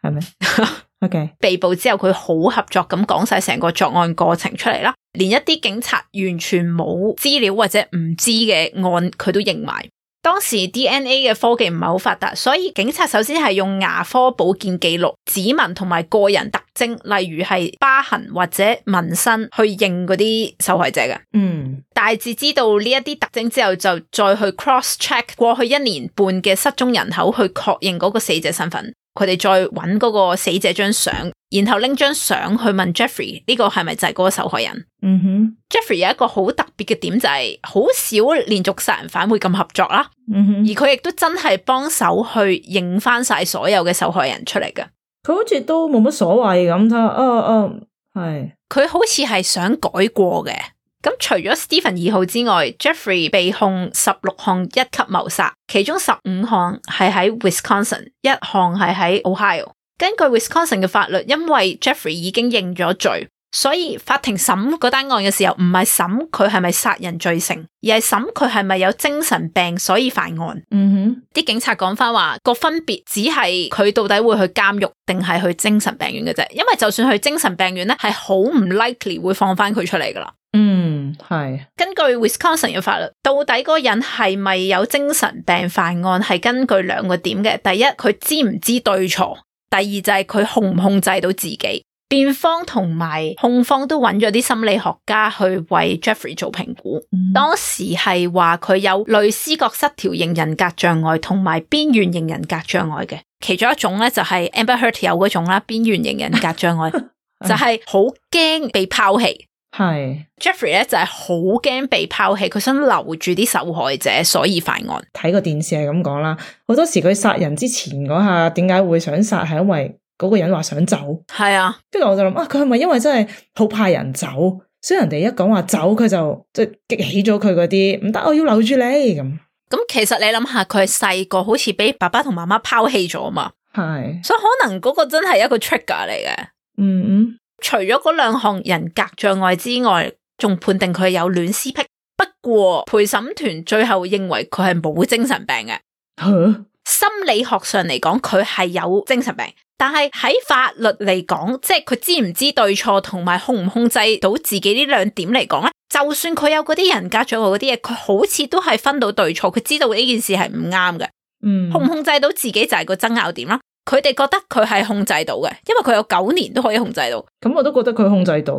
係咪？OK，被捕之後，佢好合作咁講晒成個作案過程出嚟啦，連一啲警察完全冇資料或者唔知嘅案，佢都認埋。當時 DNA 嘅科技唔係好發達，所以警察首先係用牙科保健記錄、指紋同埋個人特徵，例如係疤痕或者紋身，去認嗰啲受害者嘅。嗯，大致知道呢一啲特徵之後，就再去 cross check 過去一年半嘅失蹤人口，去確認嗰個死者身份。佢哋再揾嗰個死者張相，然後拎張相去問 Jeffrey，呢個係咪就係嗰個受害人？嗯哼、mm hmm.，Jeffrey 有一個好特別嘅點就係，好少連續殺人犯會咁合作啦。嗯哼、mm，hmm. 而佢亦都真係幫手去認翻晒所有嘅受害人出嚟嘅。佢好似都冇乜所謂咁，他嗯啊，係、啊，佢好似係想改過嘅。咁除咗 Steven 二號之外，Jeffrey 被控十六項一級謀殺，其中十五項係喺 Wisconsin，一項係喺 Ohio。根據 Wisconsin 嘅法律，因為 Jeffrey 已經認咗罪，所以法庭審嗰單案嘅時候，唔係審佢係咪殺人罪成，而係審佢係咪有精神病所以犯案。嗯哼、mm，啲、hmm. 警察講翻話個分別只係佢到底會去監獄定係去精神病院嘅啫，因為就算去精神病院咧，係好唔 likely 會放翻佢出嚟噶啦。嗯、mm。Hmm. 係根據 Wisconsin 嘅法律，到底嗰人係咪有精神病犯案，係根據兩個點嘅。第一，佢知唔知對錯；第二，就係佢控唔控制到自己。辯方同埋控方都揾咗啲心理學家去為 Jeffrey 做評估。Mm hmm. 當時係話佢有類思覺失調型人格障礙同埋邊緣型人格障礙嘅，其中一種咧就係、是、Amber Heard 有嗰種啦，邊緣型人格障礙 [laughs] 就係好驚被拋棄。係是 Jeffrey 咧就係好驚被拋棄，佢想留住啲受害者，所以犯案。睇個電視係咁講啦，好多時佢殺人之前嗰下，點解會想殺？係因為嗰個人話想走，係啊。跟住我就諗啊，佢係咪因為真係好怕人走？所以人哋一講話走，佢就即係激起咗佢嗰啲唔得，我要留住你咁。咁其實你諗下，佢係細個，好似俾爸爸同媽媽拋棄咗嘛。係是，所以可能嗰個真係一個 trigger 嚟嘅。嗯。嗯。除咗嗰兩項人格障礙之外，仲判定佢有戀屍癖。不過陪審團最後認為佢係冇精神病嘅。啊、心理學上嚟講，佢係有精神病，但係喺法律嚟講，即係佢知唔知對錯，同埋控唔控制到自己呢兩點嚟講咧，就算佢有嗰啲人格障礙嗰啲嘢，佢好似都係分到對錯，佢知道呢件事係唔啱嘅。嗯，控唔控制到自己就係個爭拗點囉。佢哋覺得佢係控制到嘅，因為佢有九年都可以控制到。咁我都覺得佢控制到，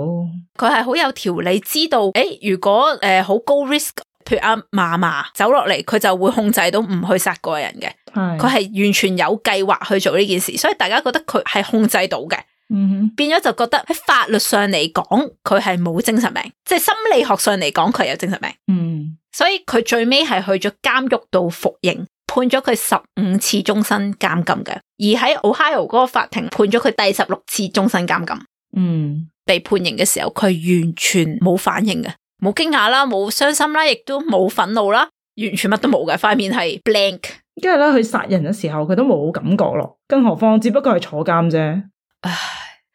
佢係好有條理，知道誒、欸，如果誒好、呃、高 risk，譬如阿嫲嫲走落嚟，佢就會控制到唔去殺個人嘅。佢係是完全有計劃去做呢件事，所以大家覺得佢係控制到嘅。嗯哼，變咗就覺得喺法律上嚟講，佢係冇精神病，即係心理學上嚟講，佢有精神病。嗯，所以佢最尾係去咗監獄度服刑。判咗佢十五次終身監禁嘅，而喺 Ohio 嗰個法庭判咗佢第十六次終身監禁。嗯，被判刑嘅時候，佢完全冇反應嘅，冇驚訝啦，冇傷心啦，亦都冇憤怒啦，完全乜都冇嘅，塊面係 blank。跟住咧，佢殺人嘅時候，佢都冇感覺咯。更何況，只不過係坐監啫。唉，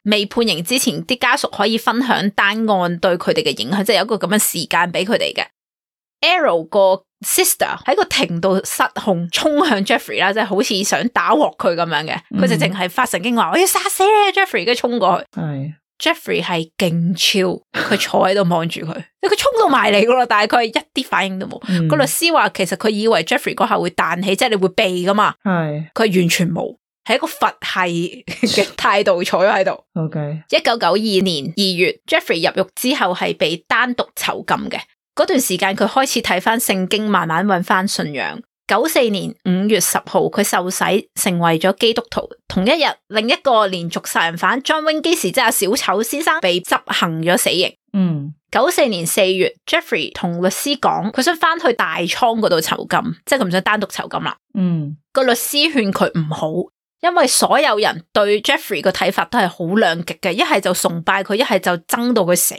未判刑之前，啲家屬可以分享單案對佢哋嘅影響，即係有一個咁嘅時間俾佢哋嘅。Arrow 個 sister 喺個庭度失控，衝向 Jeffrey 啦，即係好似想打鑊佢咁樣嘅。佢、mm. 就淨係發神經話我要殺死 [noise] Jeffrey，跟住衝過去。係 Jeffrey 係勁 chill，佢坐喺度望住佢，佢衝到埋嚟噶啦，但係佢一啲反應都冇。個、mm. 律師話其實佢以為 Jeffrey 嗰下會彈起，即係你會避噶嘛。係佢、mm. 完全冇，係一個佛系嘅態度坐喺度。OK，一九九二年二月，Jeffrey 入獄之後係被單獨囚禁嘅。嗰段時間佢開始睇翻聖經，慢慢揾翻信仰。九四年五月十號，佢受洗成為咗基督徒。同一日，另一個連續殺人犯 John Wayne Gacy，即係小丑先生被執行咗死刑。嗯。九四年四月，Jeffrey 同律師講，佢想翻去大倉嗰度囚禁，即係佢唔想單獨囚禁啦。嗯。個律師勸佢唔好，因為所有人對 Jeffrey 個睇法都係好兩極嘅，一係就崇拜佢，一係就憎到佢死。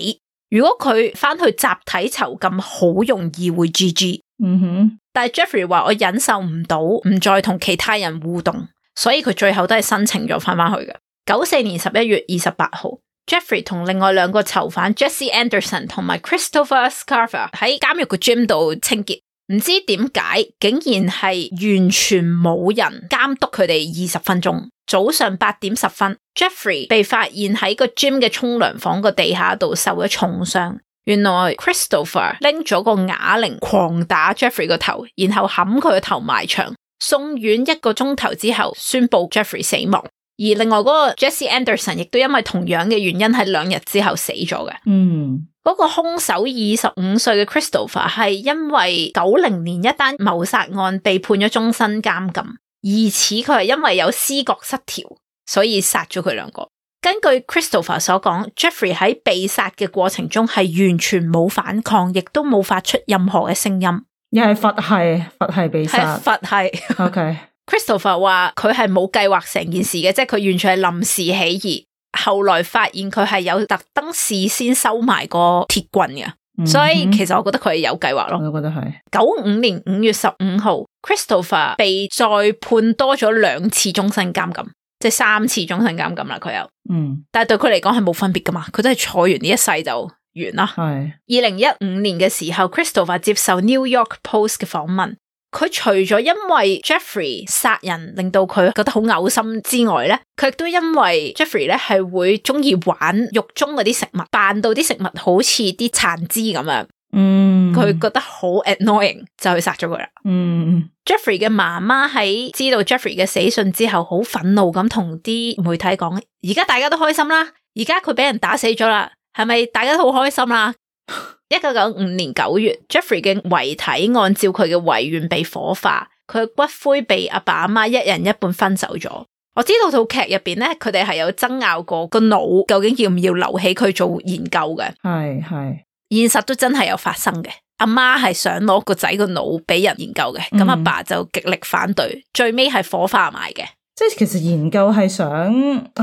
如果佢翻去集體囚禁，好容易會 G G。嗯哼。但係 Jeffrey 話，我忍受唔到，唔再同其他人互動，所以佢最後都係申請咗翻翻去嘅。九四年十一月二十八號，Jeffrey 同另外兩個囚犯 Jesse Anderson 同埋 Christopher Scarver 喺監獄個 gym 度清潔，唔知點解竟然係完全冇人監督佢哋二十分鐘。早上八點十分，Jeffrey 被發現喺個 gym 嘅沖涼房個地下度受咗重傷。原來 Christopher 拎咗個啞鈴狂打 Jeffrey 個頭，然後冚佢個頭埋牆。送院一個鐘頭之後，宣布 Jeffrey 死亡。而另外嗰個 Jesse Anderson 亦都因為同樣嘅原因喺兩日之後死咗嘅。嗯，嗰個兇手二十五歲嘅 Christopher 係因為九零年一單謀殺案被判咗終身監禁。而此佢係因為有思覺失調，所以殺咗佢兩個。根據 Christopher 所講，Jeffrey 喺被殺嘅過程中係完全冇反抗，亦都冇發出任何嘅聲音。又係佛係，佛係被殺，佛係。OK，Christopher Okay. 話佢係冇計劃成件事嘅，即係佢完全係臨時起意，後來發現佢係有特登事先收埋個鐵棍嘅。所以其實我覺得佢係有計劃咯，我覺得係九五年五月十五號，Christopher 被再判多咗兩次終身監禁，即係三次終身監禁啦。佢又，嗯，但係對佢嚟講係冇分別噶嘛，佢都係坐完呢一世就完啦。係二零一五年嘅時候，Christopher 接受 New York Post 嘅訪問。佢除咗因為 Jeffrey 殺人令到佢覺得好嘔心之外咧，佢亦都因為 Jeffrey 咧係會中意玩獄中嗰啲食物，扮到啲食物好似啲殘肢咁樣，嗯，佢覺得好 annoying，就去殺咗佢啦。嗯、mm.，Jeffrey 嘅媽媽喺知道 Jeffrey 嘅死訊之後，好憤怒咁同啲媒體講：而家大家都開心啦，而家佢俾人打死咗啦，係咪大家都好開心啦？ [laughs] 一九九五年九月，Jeffrey 嘅遺體按照佢嘅遺願被火化，佢骨灰被阿爸阿媽一人一半分走咗。我知道套劇入邊咧，佢哋係有爭拗過個腦究竟要唔要留起佢做研究嘅。係係，現實都真係有發生嘅。阿媽係想攞個仔個腦俾人研究嘅，咁阿爸就極力反對，最尾係火化埋嘅、嗯。即係其實研究係想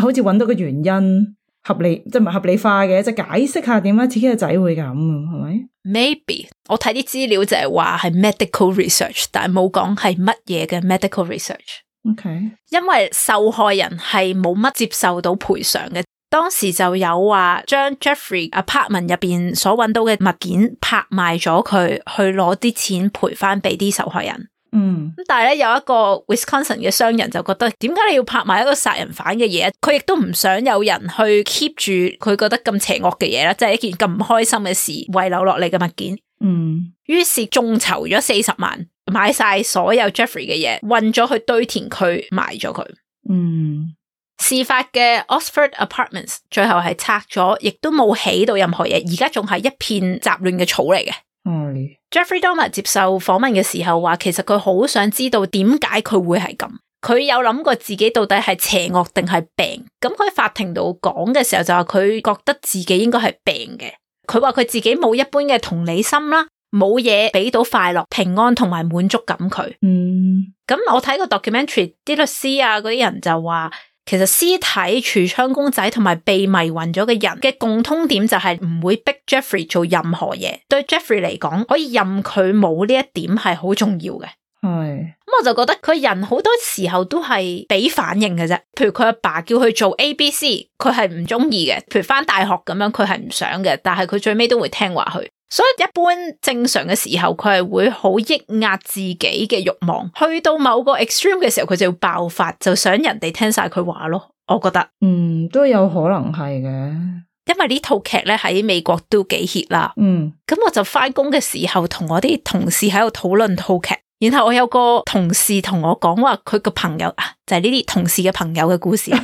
好似揾到個原因。合理即係合理化嘅，即係解釋下點解自己嘅仔會咁，係咪？Maybe 我睇啲資料就係話係 medical research，但係冇講係乜嘢嘅 medical research。OK，因為受害人係冇乜接受到賠償嘅，當時就有話將 Jeffrey apartment 入邊所揾到嘅物件拍賣咗佢，去攞啲錢賠翻俾啲受害人。嗯，咁但係咧有一個 Wisconsin 嘅商人就覺得，點解你要拍埋一個殺人犯嘅嘢？佢亦都唔想有人去 keep 住佢覺得咁邪惡嘅嘢啦，即係一件咁唔開心嘅事遺留落嚟嘅物件。嗯，於是眾籌咗四十萬，買晒所有 Jeffrey 嘅嘢，運咗去堆填區埋咗佢。嗯，事發嘅 Oxford Apartments 最後係拆咗，亦都冇起到任何嘢，而家仲係一片雜亂嘅草嚟嘅。嗯。Jeffrey Dahmer 接受訪問嘅時候話，其實佢好想知道點解佢會係咁，佢有諗過自己到底係邪惡定係病。咁佢喺法庭度講嘅時候就話，佢覺得自己應該係病嘅。佢話佢自己冇一般嘅同理心啦，冇嘢俾到快樂、平安同埋滿足感。佢，嗯，咁我睇過 documentary，啲律師啊嗰啲人就話。其實屍體、櫥窗公仔同埋被迷暈咗嘅人嘅共通點就係唔會逼 Jeffrey 做任何嘢，對 Jeffrey 嚟講可以任佢冇呢一點係好重要嘅。係咁是我就覺得佢人好多時候都係俾反應嘅啫，譬如佢阿爸，爸叫佢做 A、B、C，佢係唔中意嘅，譬如翻大學咁樣，佢係唔想嘅，但係佢最尾都會聽話佢。所以一般正常嘅時候，佢係會好抑壓自己嘅慾望，去到某個 extreme 嘅時候，佢就要爆發，就想人哋聽晒佢話咯。我覺得，嗯，都有可能係嘅，因為呢套劇咧喺美國都幾 hit 啦。嗯，咁我就翻工嘅時候，同我啲同事喺度討論套劇，然後我有個同事同我講話，佢個朋友啊，就係呢啲同事嘅朋友嘅故事。 [laughs]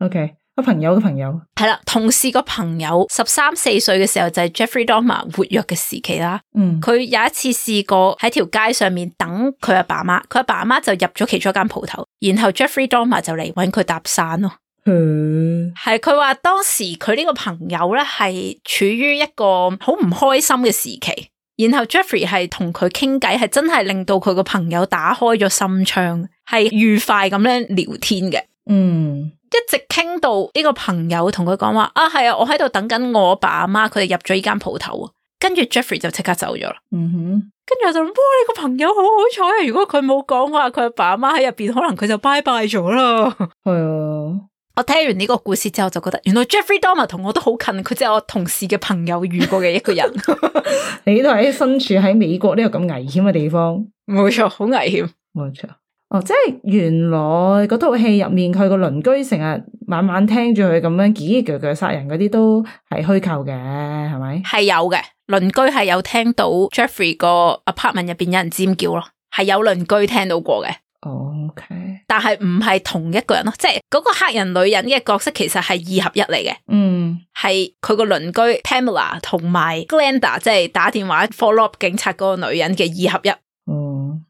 Okay. 個朋友嘅朋友係啦，同事個朋友十三四歲嘅時候就係 Jeffrey Dahmer 活躍嘅時期啦。嗯，佢有一次試過喺條街上面等佢阿爸媽，佢阿爸媽就入咗其中一間鋪頭，然後 Jeffrey Dahmer 就嚟搵佢搭訕咯。嗯，係佢話當時佢呢個朋友咧係處於一個好唔開心嘅時期，然後 Jeffrey 係同佢傾偈，係真係令到佢個朋友打開咗心窗，係愉快咁樣聊天嘅。嗯，一直傾到呢、這個朋友同佢講話啊，係啊，啊，我喺度等緊我阿爸阿媽，佢哋入咗呢間鋪頭，跟住 Jeffrey 就即刻走咗啦。嗯哼，跟住我就哇，你個朋友好好彩啊！如果佢冇講話，佢阿爸阿媽喺入邊，可能佢就拜拜咗啦。係啊的，我聽完呢個故事之後就覺得，原來 Jeffrey Dahmer 同、er、我都好近，佢即係我同事嘅朋友遇過嘅一個人。 [laughs] [laughs] 你都喺身處喺美國呢 [laughs] 個咁危險嘅地方，冇錯，好危險，冇錯。哦，即係原來嗰套戲入面，佢個鄰居成日晚晚聽住佢咁樣幾句句殺人嗰啲都係虛構嘅，係咪？係有嘅鄰居係有聽到 Jeffrey 個 apartment 入邊有人尖叫咯，係有鄰居聽到過嘅。Oh, OK，但係唔係同一個人咯，即係嗰個黑人女人嘅角色其實係二合一嚟嘅。嗯，係佢個鄰居 Pamela 同埋 Glenda，即係打電話 follow up 警察嗰個女人嘅二合一。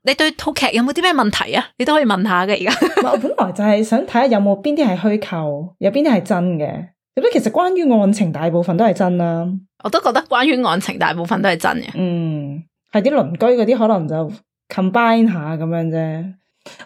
你對套劇有冇啲咩問題啊？你都可以問下嘅而家。 [laughs] 我本來就係想睇下有冇邊啲係虛構，有邊啲係真嘅。咁其實關於案情大部分都係真啦。我都覺得關於案情大部分都係真嘅。嗯，係啲鄰居嗰啲可能就 combine 下咁樣啫。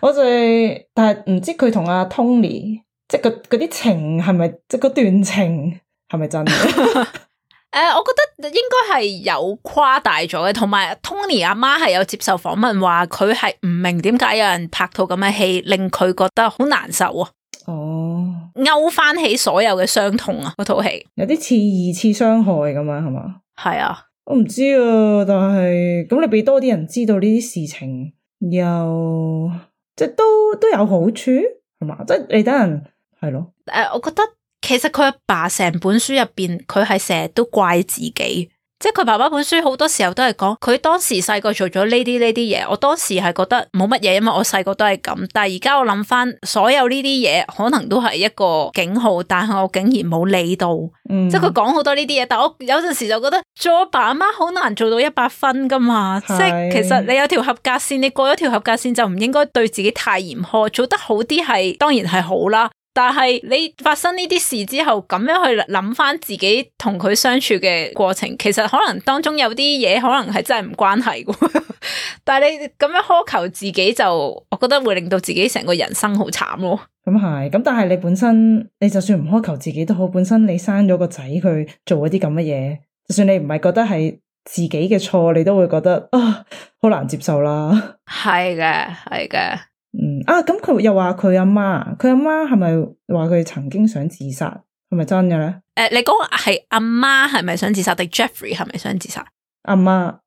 我最但係唔知佢同阿 Tony 即係佢啲情係咪即係段情係咪真嘅？ [laughs] 誒，uh, 我覺得應該係有誇大咗嘅，同埋 Tony 阿媽係有接受訪問話，佢係唔明點解有人拍套咁嘅戲，令佢覺得好難受啊！哦，oh. 勾翻起所有嘅傷痛啊！嗰套戲有啲似二次傷害咁啊，係嘛？係啊，我唔知啊，但係咁你俾多啲人知道呢啲事情，又即係、就是、都都有好處係嘛？即係、就是、你等人係咯？誒，uh, 我覺得。其實佢阿爸成本書入邊，佢係成日都怪自己，即係佢爸爸本書好多時候都係講，佢當時細個做咗呢啲呢啲嘢。我當時係覺得冇乜嘢，因為我細個都係咁。但係而家我諗翻，所有呢啲嘢可能都係一個警號，但係我竟然冇理到。嗯、即係佢講好多呢啲嘢，但我有陣時就覺得做阿爸阿媽好難做到一百分噶嘛。是即係其實你有條合格線，你過咗條合格線就唔應該對自己太嚴苛。做得好啲係當然係好啦。但係你發生呢啲事之後，咁樣去諗翻自己同佢相處嘅過程，其實可能當中有啲嘢，可能係真係唔關係嘅。 [laughs] 但係你咁樣苛求自己就，就我覺得會令到自己成個人生好慘咯。咁係、嗯，咁但係你本身，你就算唔苛求自己都好，本身你生咗個仔，去做嗰啲咁嘅嘢，就算你唔係覺得係自己嘅錯，你都會覺得啊，好難接受啦。係 [laughs] 嘅，係嘅。嗯啊，咁佢又話佢阿媽，佢阿媽係咪話佢曾經想自殺，係咪真嘅咧？誒，uh, 你講係阿媽係咪想自殺定 Jeffrey 係咪想自殺？阿媽，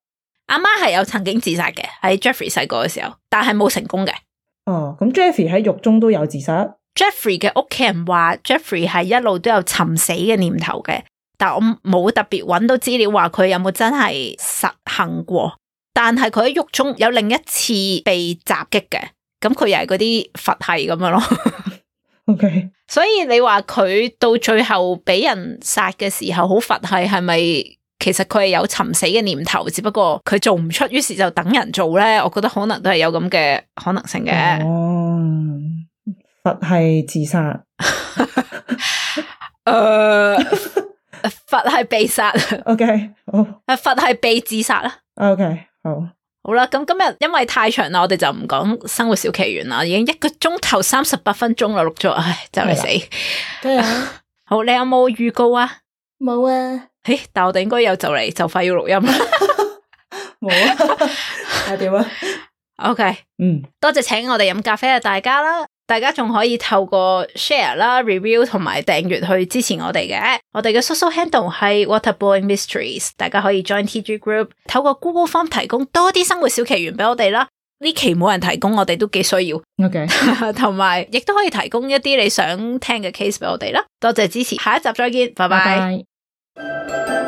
阿媽係有曾經自殺嘅，喺 Jeffrey 細個嘅時候，但係冇成功嘅。哦，咁 Jeffrey 喺獄中都有自殺？Jeffrey 嘅屋企人話 Jeffrey 係一路都有尋死嘅念頭嘅，但我冇特別揾到資料話佢有冇真係實行過。但係佢喺獄中有另一次被襲擊嘅。咁佢又係嗰啲佛係咁樣咯 [laughs] ，OK。所以你話佢到最後俾人殺嘅時候好佛係，係咪？其實佢係有尋死嘅念頭，只不過佢做唔出，於是就等人做咧。我覺得可能都係有咁嘅可能性嘅。哦，oh, 佛係自殺，誒 [laughs] [laughs] uh, 佛係被殺 [laughs] ，OK，好。啊，佛係被自殺啦，OK，好，oh. okay.。Oh. 好啦，咁、嗯、今日因為太長啦，我哋就唔講生活小奇懸啦，已經一個鐘頭三十八分鐘啦，錄咗，唉，就嚟死。吧 [laughs] 好，你有冇預告啊？冇啊。誒、欸，但我哋應該有就嚟就快要錄音啦。冇 [laughs] [laughs] 啊，點啊？OK，嗯，多謝請我哋飲咖啡啊，大家啦。大家仲可以透過 share 啦、review 同埋訂閱去支持我哋嘅。我哋嘅 social handle 係 Water Blowing Mysteries，大家可以 join TG group。透過 Google Form 提供多啲生活小奇懸俾我哋啦。呢期冇人提供，我哋都幾需要。OK，同埋亦都可以提供一啲你想聽嘅 case 俾我哋啦。多謝支持，下一集再見，拜拜。